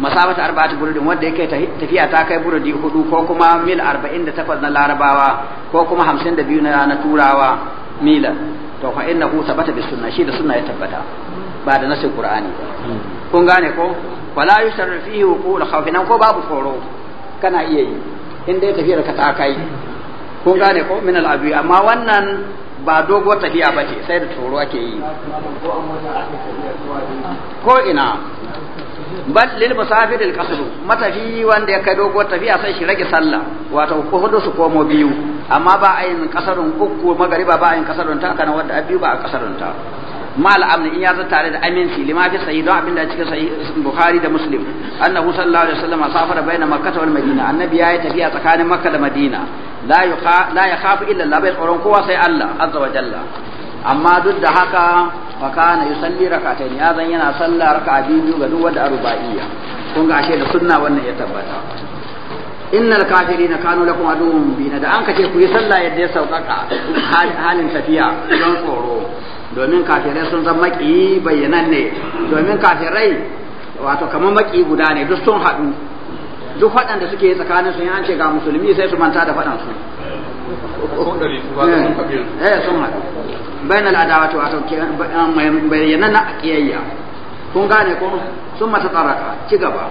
masafata arba'atu burudin wanda yake tafiya ta kai burudi hudu ko kuma mil 48 na larabawa ko kuma 52 na na turawa mila to fa innahu sabata bis sunna shi da sunna ya tabbata ba da nasin qur'ani kun gane ko wala yusharru fihi wuqul khawfin ko babu tsoro kana iya yi in dai tafiyar ka ta kai kun gane ko min al'abi amma wannan ba dogo tafiya ba ce sai da tsoro ake yi ko ina bal lil musafir al qasr matafi wanda ya kai dogo tafiya sai shi rage sallah wato ko hudu su komo biyu amma ba ayin kasarun uku magariba ba ayin kasarun ta kana wanda biyu ba a kasarun ta mal amni in ya zo tare da aminci lima fi sahih don abinda cikin sahih bukhari da muslim annahu sallallahu alaihi wasallam safara baina makkah wal madina annabi yayi tafiya tsakanin makka da madina la yuqa la yakhafu illa allah bai tsoron kowa sai allah azza wa jalla amma duk da haka fa kana yusalli rak'atayn ya zan yana sallah raka'a biyu ga duk wanda arba'iyya kun ga ashe da sunna wannan ya tabbata innal kafirina kanu lakum aduwwun mubina da an kace ku yi sallah yadda ya sauƙaƙa halin tafiya don tsoro domin kafirai sun zama maki bayyanan ne domin kafirai wato kamar maki guda ne duk sun haɗu duk da suke tsakanin su an ce ga musulmi sai su manta da faɗan su eh sun haɗu bainal adawati wato bayyanan na ƙiyayya. kun gane ko sun mata tsaraka ci gaba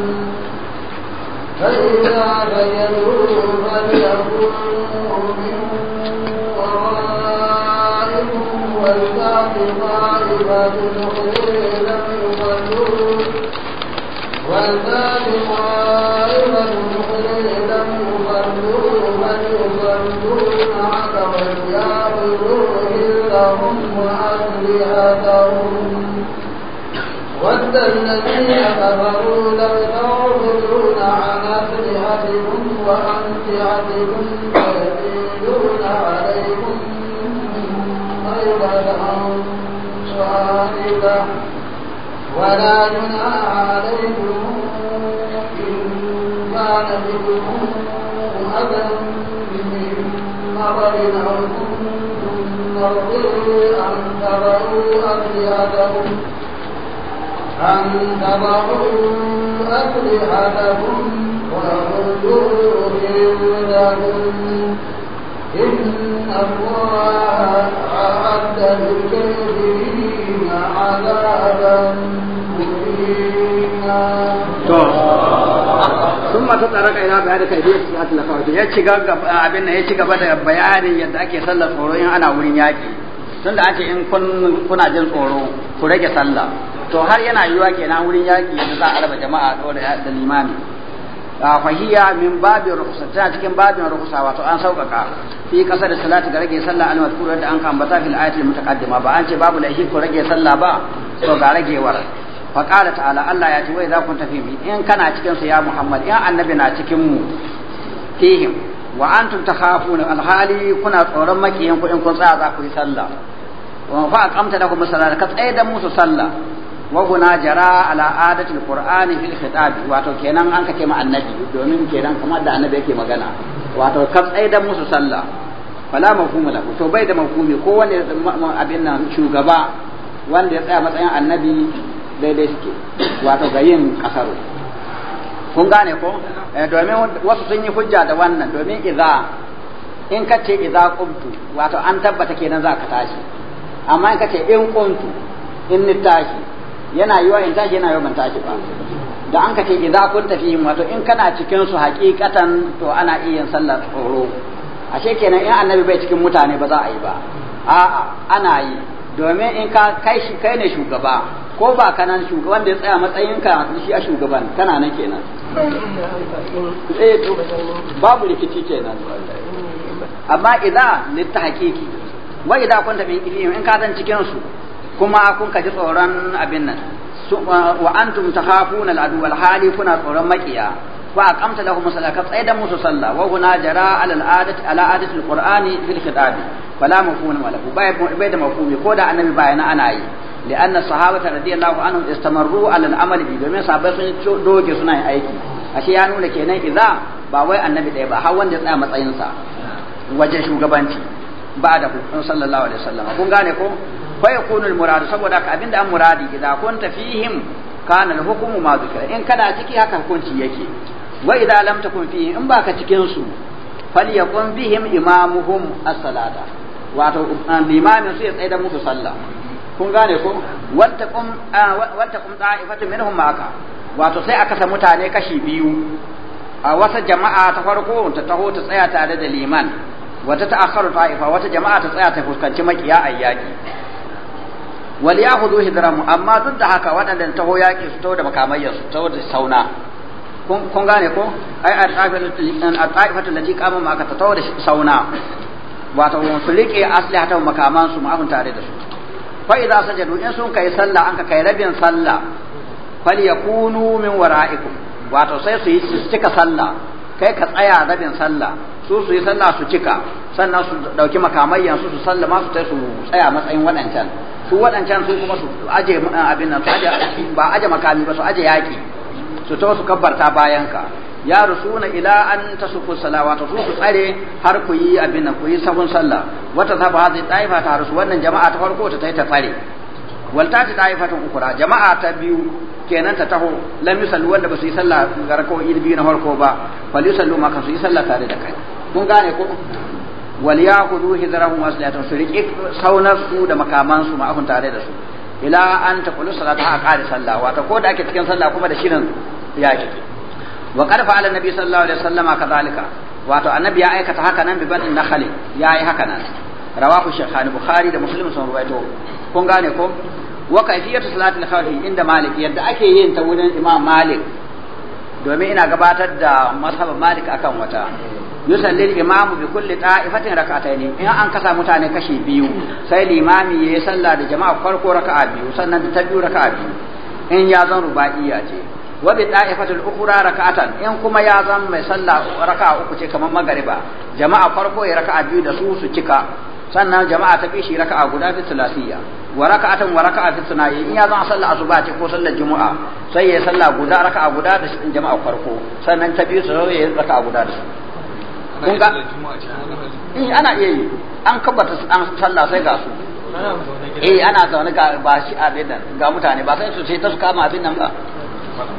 ولا جناح عليكم إن كان بكم أبا من مرض أو كنتم مرضي أن تبعوا أبياتهم أن تبعوا أسلحتكم ta tsaraka ina bayani ka biya cikin atul kawai ya ci gaba abin nan ya ci gaba da bayanin yadda ake sallar tsoro in ana wurin yaƙi, tun da ake in kun kuna jin tsoro ku rage sallah to har yana yiwuwa kenan wurin yaƙi yadda za a raba jama'a ko da limami Ah, fahiya min babin rukhsa ta cikin babin rukhsa wato an sauƙaƙa fi kasar salati ga rage sallah an mazkura da an ka ambata fil ayatil mutaqaddima ba an ce babu laifi ko rage sallah ba to ga ragewar fa qala ta'ala Allah ya ce wai za ku tafi bi in kana cikin su ya Muhammad in annabi na cikin mu fihim wa antum takhafuna alhali kuna tsoron makiyan kuɗin in kun tsaya za ku yi sallah wa fa aqamta lakum salata ka tsaya da musu sallah wa jara ala adatil qur'ani fil khitab wato kenan an ka ma annabi domin kenan kuma da annabi yake magana wato kaf da musu sallah fala mafhumu lahu to bai da mafhumi ko wanda abin nan shugaba wanda ya tsaya matsayin annabi daidai suke wato ga yin kasaro kun gane ko eh, domin wasu sun yi hujja da wannan domin idza in kace idza qumtu wato an tabbata kenan za ka tashi amma in kace in qumtu in ni tashi yana yiwa in tashi yana yiwa ban tashi ba da an ka ce idza kunta fihim wato in kana cikin su haƙiƙatan to ana iya sallar tsoro ashe kenan in annabi bai cikin mutane ba za a yi ba a'a ana yi domin in ka kai shi kai ne shugaba ko ba ka nan shugaban da ya tsaya matsayin ka shi a shugaban kana nan kenan eh, babu rikici kenan amma idza litta haqiqi wa idza kunta bi in ka dan cikin su kuma kun kaji tsoron abin nan wa antum takhafuna wal hali kuna tsoron makiya wa aqamta lahum salaka musu salla wa huna jara ala ala fil khitab fala mafhum bai da mafhumi ko da annabi bayana ana yi لأن الصحابة رضي الله عنهم domin sahabbai sun doge suna yin aiki ashe ya nuna kenan idza ba wai annabi daya ba har wanda ya tsaya matsayinsa wajen shugabanci ba da sallallahu alaihi wasallam kun gane ko fa yakunu al muradu saboda ka abinda an muradi idza kunta fihim kana al hukmu ma dhukira in kana ciki haka hukunci yake wa idza lam takun fihim in baka cikin su falyakun bihim imamuhum as-salata wato um, limamin su ya tsaida musu sallah kun gane ko wattaqum ah, wattaqum ta'ifatu minhum ma'aka wato sai aka sa mutane kashi biyu a wata jama'a ta farko ta taho ta tsaya tare da liman wata ta'akharu ta'ifa wata jama'a ta tsaya ta fuskanci makiya ayyaki wal ya'khudhu hidramu amma duk da haka waɗannan taho yaki su taho da makamayyar su taho da sauna kun gane ko ai al da ji kamar maka ta taho da sauna wato su asali hata makaman su ma'afun tare da su fa idza sajadu in sun kai sallah an ka kai rabin sallah fal yakunu min wara'ikum wato sai su yi cika sallah kai ka tsaya rabin sallah su su yi sallah su cika sannan su dauki makamayyan su su sallama su tai su tsaya matsayin waɗancan su waɗancan su kuma su aje eh, abin nan su aje ba aje makami ba su aje yaƙi su to su kabbarta bayan ka ya rusuna ila an tasufu ta su ku tsare har ku yi abin nan ku yi sabon sallah wata zaba hadhihi daifa ta rusu wannan jama'a ta farko ta tai ta tsare walta ta ta ukura jama'a ta biyu kenan ta taho lam yusallu wanda ba su yi sallah ga rak'o'i biyu na farko ba fal yusallu ma ka su yi sallah tare da kai kun gane ko wal yaqudu hidrahum wa salatu su riqi saunar su da makamansu su ma'ahun tare da su ila an taqulu salata ha qadi sallah wato ko da ake cikin sallah kuma da shirin ya kike wa qad fa'ala nabi sallallahu alaihi wasallama kadhalika wato annabi ya aikata haka nan bi badin nakhali ya yi haka nan rawahu shaykhan bukhari da muslim sun ruwaito kun gane ko wa kaifiyatu salatul khawfi inda malik yadda ake yin ta wurin imam malik domin ina gabatar da mazhabin malik akan wata yusalli imamu bi kulli ta'ifatin rak'ataini in an kasa mutane kashi biyu sai limami yayi sallah da jama'a farko raka'a biyu sannan da ta biyu raka'a biyu in ya zan ruba'iyya ce wa bi ta'ifatul ukhra rak'atan in kuma ya zan mai sallah raka'a uku ce kamar magariba jama'a farko ya raka'a biyu da su su cika sannan jama'a ta kishi raka'a guda fi salasiyya wa raka'atan wa raka'a fi sunayi in ya zan sallah asuba ce ko sallar juma'a sai ya sallah guda raka'a guda da jama'a farko sannan ta biyu su ya raka'a guda da su kun ga in eh, ana iya yi an kabbata an sallah sai ga su eh ana zaune ga ba shi abin nan ga mutane ba sai su sai ta su kama abin nan ba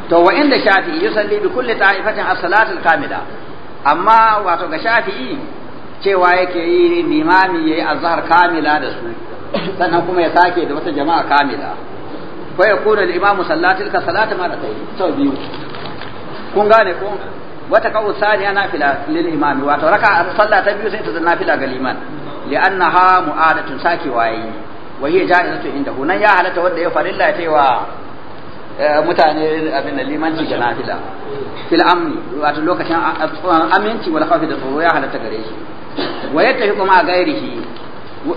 to wa inda shafi'i yusalli bi kulli ta'ifatin as-salatul kamila amma wato ga shafi'i cewa yake yi limami yayi azhar kamila da su sannan kuma ya sake da wata jama'a kamila fa yakuna al-imamu sallatil ka salata ma da kai sau biyu kun gane ko wata kawo saniya fila lil imami wato raka sallah ta biyu sai ta zanna fila ga liman li'annaha mu'adatun sake waye wa hiya ja'izatu inda hunan ya halatta wanda ya farilla ta wa eh, mutane abin da limanci ga fila fil amni wato lokacin aminci wani khawfi da tsoro ya halatta gare shi wa yattafi kuma gairihi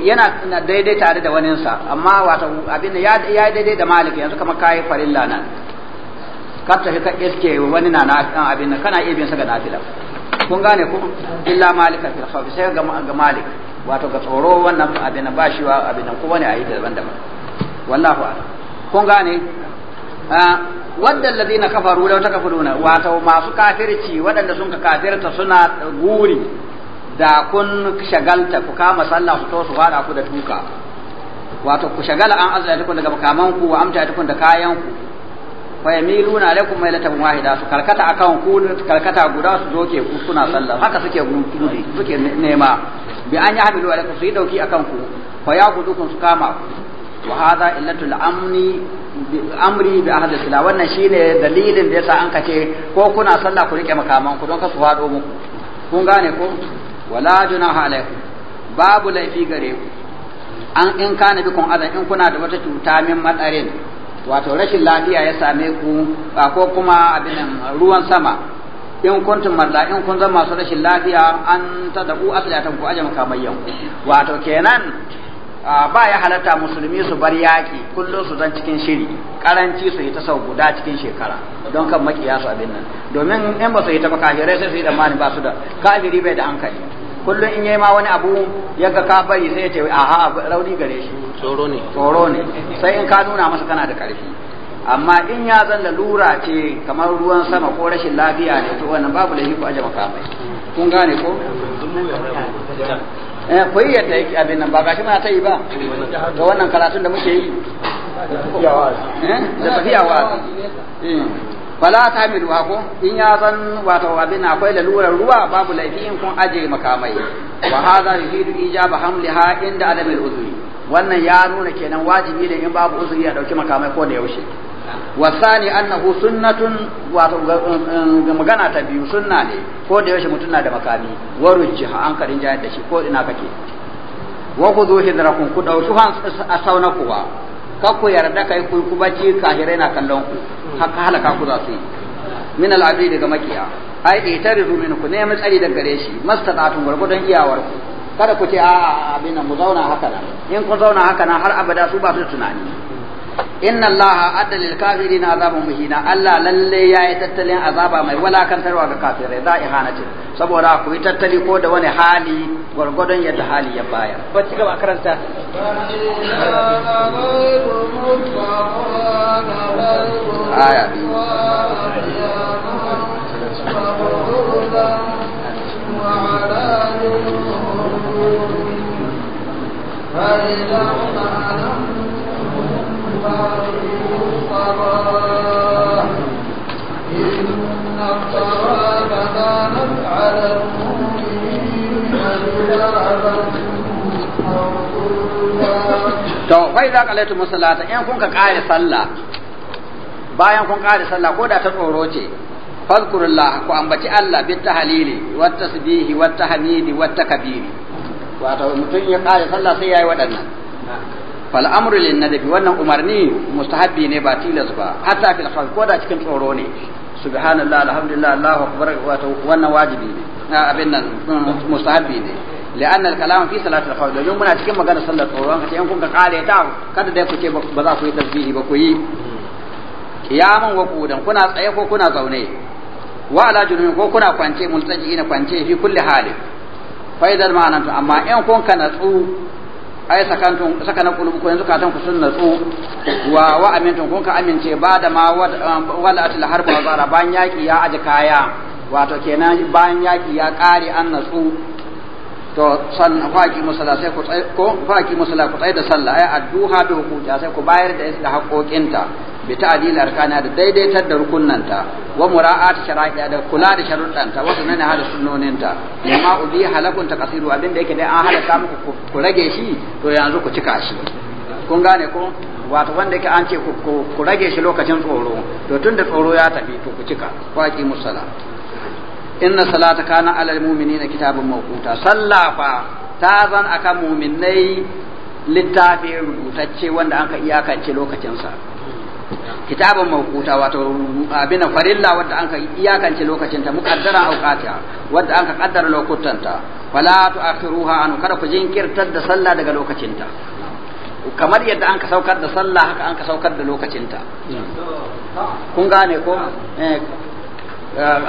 yana daidai tare da waninsa amma wato abin da ya daidai da malika yanzu kamar kai farilla nan ka tafi ka iske wani na na abin nan kana iya bin sa ga nafila kun gane ku illa malika fil khawf sai ga ga malik wato ga tsoro wannan abin nan shi wa abin nan ko wani ayi daban-daban wallahu a'lam kun gane ah, wadda alladhina kafaru law takfuruna wato masu kafirci waɗanda sun ka kafirta suna guri da kun shagalta ku kama sallah su to su fara ku da tuka wato ku shagala an azza ta kun daga makamanku wa amta ta kun da kayanku. fayamiluna yamiluna alaikum mailatan wahida su karkata akan ku karkata guda su doke ku kuna sallah haka suke gudu suke nema bi an yahmilu alaikum su yi dauki akan ku fa yaqudukum su kama ku wa hadha illatul amni amri bi ahli sila wannan shine dalilin da yasa an kace ko kuna sallah ku rike makaman ku don ka su fado muku kun gane ko wala junaha alaikum babu laifi gare ku an in kana bikum adan in kuna da wata cuta min matsarin wato rashin lafiya ya same ku ko kuma abin ruwan sama in kuntum marda in kun zama masu rashin lafiya an ta da ku ajama kamayyan wato kenan ba ya halatta musulmi su bar yaki kullum su zan cikin shiri karanci su yi ta sau guda cikin shekara don kan makiya abin nan domin in ba su yi ta ba kafirai sai su yi mani ba su da kafiri bai da hankali kullum in yayi ma wani abu ya ga ka bari sai ya ce aha rauni gare shi tsoro ne tsoro ne sai in ka nuna masa kana da karfi amma in ya zan lura ce kamar ruwan sama ko rashin lafiya ne to wannan babu laifi ko aje makamai kun gane ko eh koyi ya ta abin nan ba gashi ma ta yi ba ga wannan karatun da muke yi eh, da tafiya wa eh fala ta miru ko in ya san wato abin akwai lalurar ruwa babu laifi in kun aje makamai wa hadha yuhidu ijaba hamliha inda adam al-uzri wannan ya nuna kenan wajibi ne in babu uzuri ya dauki makamai ko da yaushe wasani annahu sunnatun wato um, um, magana ta biyu sunna ne ko da yaushe mutuna na da makami warujji an karin jayar da shi ko ina kake wa khudhu hidrakum ku dauki han a kuwa kakku yarda kai ku ku bacci kahirai na kallon ku haka halaka ku za su yi min al'abi daga makiya ai itaridu min ku nemi tsari daga gare shi mastata'atun gurgudan iyawar ku kada ku ce a'a abin nan mu zauna haka nan in kun zauna haka nan har abada su ba su tunani inna Allah adda lil kafirin muhina Allah lalle yayi tattalin azaba mai walakantarwa ga kafirai za ihana ce saboda ku yi tattali ko da wani hali gwargwadon yadda hali ya baya. ba ci gaba karanta aya فإذا to wai za ka laitu musallata in kun ka kare sallah bayan kun kare sallah ko da ta tsoro ce fadkurullah ku ambaci Allah bi tahlili wa tasbihi wa tahmidi wa takbiri wato mutum ya kare sallah sai yayi waɗannan fal'amuru lin nadabi wannan umarni mustahabbi ne ba tilas ba hatta ko da cikin tsoro ne subhanallah alhamdulillah allah akbar wato wannan wajibi ne na ah, abin nan mm, mustahabbi ne lianna al kalam fi salati al khawf da yumma cikin magana sallar tsoro an ce in kun ka kale ta kada dai ku ce ba za ku yi tasbihi ba ku yi kiyamun wa kudan kuna tsaye ko kuna zaune wa ala junubi ko kuna kwance multaji ina kwance fi kulli hali faidar ma'anantu amma in kun ka natsu ai sakantun sakana ko yanzu katan ku sun natsu wa wa amintun kun ka amince ba da ma um, wala atil harba wa zara ban yaki ya aji kaya wato kenan ban yaki ya kare an natsu to san faki musala sai ku ko faki musala ku tsaya da sallah ai adduha da hukuta sai ku bayar da isla da haƙoƙinta bi ta'dil arkana da daidaitar da rukunnanta wa mura'at shara'i'a da kula da sharuɗanta wa ne hada sunnoninta amma ubi halakun takasiru abin da yake dai an halaka muku ku rage shi to yanzu ku cika shi kun gane ko wato wanda yake an ce ku rage shi lokacin tsoro to tunda tsoro ya tafi to ku cika waki musala inna salata kana alal mu'minina kitabun mawquta sallafa ta zan akan mu'minai littafi rubutacce wanda an ka iyakance lokacinsa kitabun mawquta wato abin farilla wadda anka iyakance lokacin ta muqaddara awqatiha wadda anka qaddara lokutan ta fala tu'akhiruha an kada ku jinkirtar da sallah daga lokacin ta kamar yadda anka saukar da sallah haka anka saukar da lokacin ta kun gane ko eh,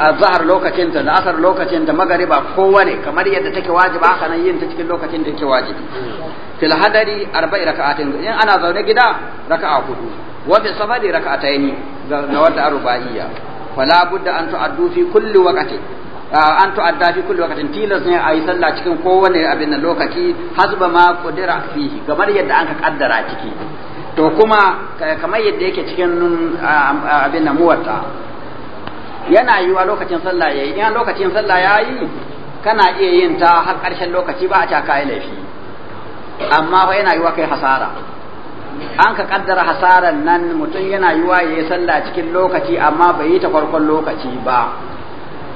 azhar lokacin ta da asar lokacin ta magariba wane kamar yadda take wajiba haka nan yin ta cikin lokacin da yake wajibi fil hadari arba'i raka'atin in ana zaune gida raka'a hudu wa fi safari rak'atayn ga wata arba'iyya fala budda an tu'addu fi kulli waqti an tu'adda fi kulli waqtin tilas ne a yi sallah cikin kowane abin nan lokaci hasba ma qudira fihi kamar yadda an ka kaddara ciki to kuma kamar yadda yake cikin abin nan muwatta yana yiwa lokacin sallah yayi in lokacin sallah yayi kana iya yin ta har lokaci ba a ta kai laifi amma fa yana yiwa kai hasara an ka kaddara hasaran nan mutum yana yiwa ya yi sallah cikin lokaci amma bai yi ta farkon lokaci ba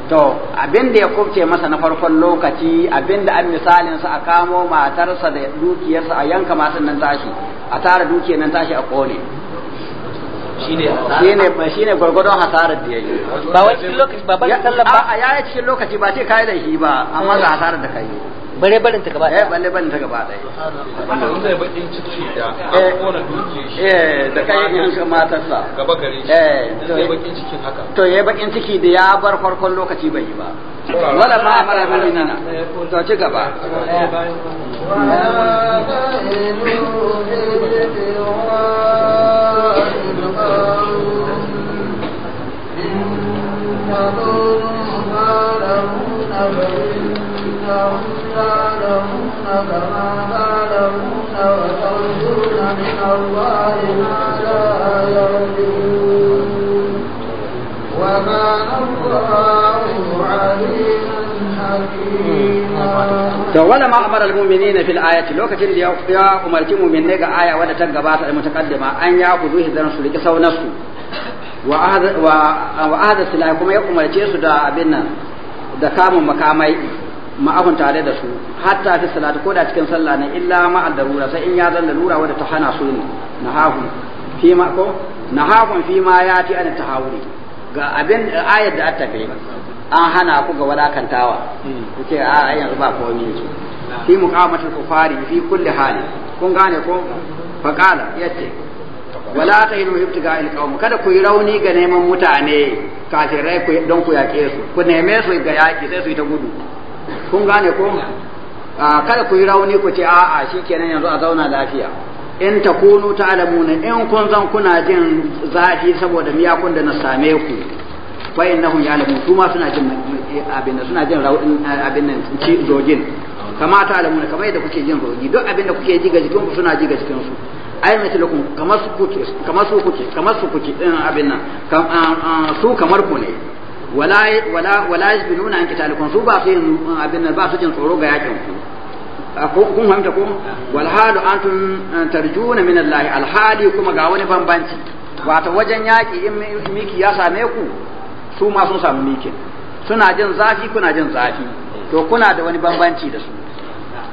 to abin da ya kubce masa na farkon lokaci abin da an misalin sa a kamo matarsa da dukiyarsa a yanka masu nan tashi a tara dukiyar nan tashi a kone shine shine gwargwadon hasarar da yayi ba wai cikin lokaci ba ba sallah ba a yayi cikin lokaci ba sai kai da shi ba amma ga hasarar da kai bare barin ta gaba eh, ɗaya bare barin ta gaba ɗaya wanda wanda ya bakin ciki da an kona dukiya shi eh da kai irin shi matarsa gaba gare shi eh to ya bakin cikin haka to ya bakin ciki da ya bar farkon lokaci bai yi ba wala ma amara min nana to ci gaba Thank you. to wala ma amara almu'minina fil ayati lokacin da ya umarci mu'minai ga aya wadda ta gabata da mutakaddima an ya zuhi hidan su riki su wa ahada wa ahada kuma ya umarce su da abin nan da kamun makamai ma'ahun tare da su hatta fi salatu ko da cikin sallah ne illa ma al darura sai in ya zan lura wanda ta hana su ne nahahum fi ma ko nahahum fi ma yati an tahawuri ga abin ayat da ta tafe an hana ku ga wadakantawa kuke a ayan ba komai ne fi muqamati kufari fi kulli hali kun gane ko faqala yace wala ta yi ibtiga al qawm kada ku yi rauni ga neman mutane kafirai don ku yaƙe su ku neme su ga yaƙi sai su yi ta gudu kun gane ko kada ku yi rauni ku ce a'a shikenan yanzu a zauna lafiya in ta kunu ta alamuna in kun zan kuna jin zafi saboda miyakun da na same ku fa innahum ya'lamu kuma suna jin abin da suna jin raudin abin nan ci zogin kama ta alamuna kamar yadda kuke jin rogi duk abin da kuke ji ga jikin ku suna ji ga jikin su ai mithlukum kamar su kuke kamar su kuke kamar su kuke din eh, abin nan ah, ah, su kamar ku ne wala wala wala yasbinuna an qitalikum su ba su abin nan ba su jin tsoro ga yakin ku kun hamta ko wal halu antum eh, tarjuna min Allah al kuma ga wani bambanci wato wajen yaki in miki ya same ku su ma sun samu mikin suna jin zafi kuna jin zafi to kuna da wani bambanci da su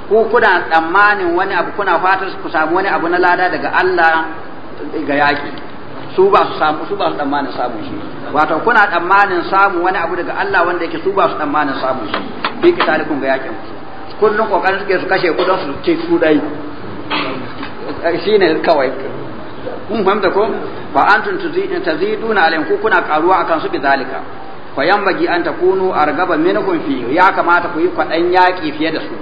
ku kuna tsammanin wani abu kuna fatar ku samu wani abu na lada daga Allah ga yaki su ba su samu su ba su tsammanin samun shi wato kuna tsammanin samu wani abu daga Allah wanda yake su ba su tsammanin samun shi bi ka talikun ga yakin kullun kokarin suke su kashe ku don su ce su dai shine kawai kun fahimta ko fa antum tazidun alayhim ku kuna karuwa akan su bi zalika fa yanbaghi an takunu argaba minkum fi ya kamata ku yi kwadan yaki fiye da su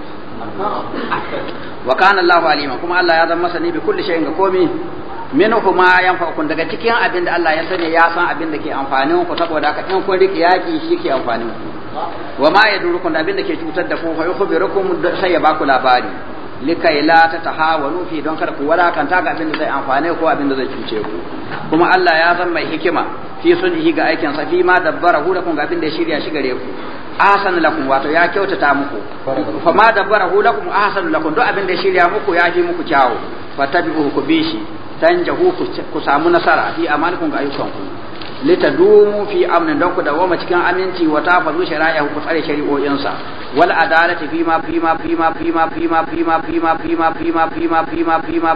wa kana Allahu alima kuma Allah ya zama masani bi kulli shay'in ga komi minhu ma yanfa'ukum daga cikin abin da Allah ya sani ya san abin da ke amfanin ku saboda haka in kun riki yaki shi ke amfanin ku wa ma yadurukum da abin da ke cutar da ku fa yukhbirukum sai ya baku labari likai la ta tahawalu fi don kada ku wadakanta ga abin da zai amfane ko abin da zai cuce ku kuma Allah ya zama mai hikima fi sunhi ga aikin sa fi ma dabbara hu da kun ga abin da ya shirya shi gare ku ahsan lakum wato ya kyautata muku fa ma barahu lakum ahsan lakum duk abin da ya shirya muku ya ji muku kyawu fatabi'uhu ku bi shi jahu ku samu nasara fi amalikum ga ayyukanku litadumu fi amnin don ku dawoma cikin aminci wa fazu shari'a ku tsare sa wal adalati fi ma fi ma fi ma fi ma fi ma fi ma fi ma fi ma fi ma fi ma fi ma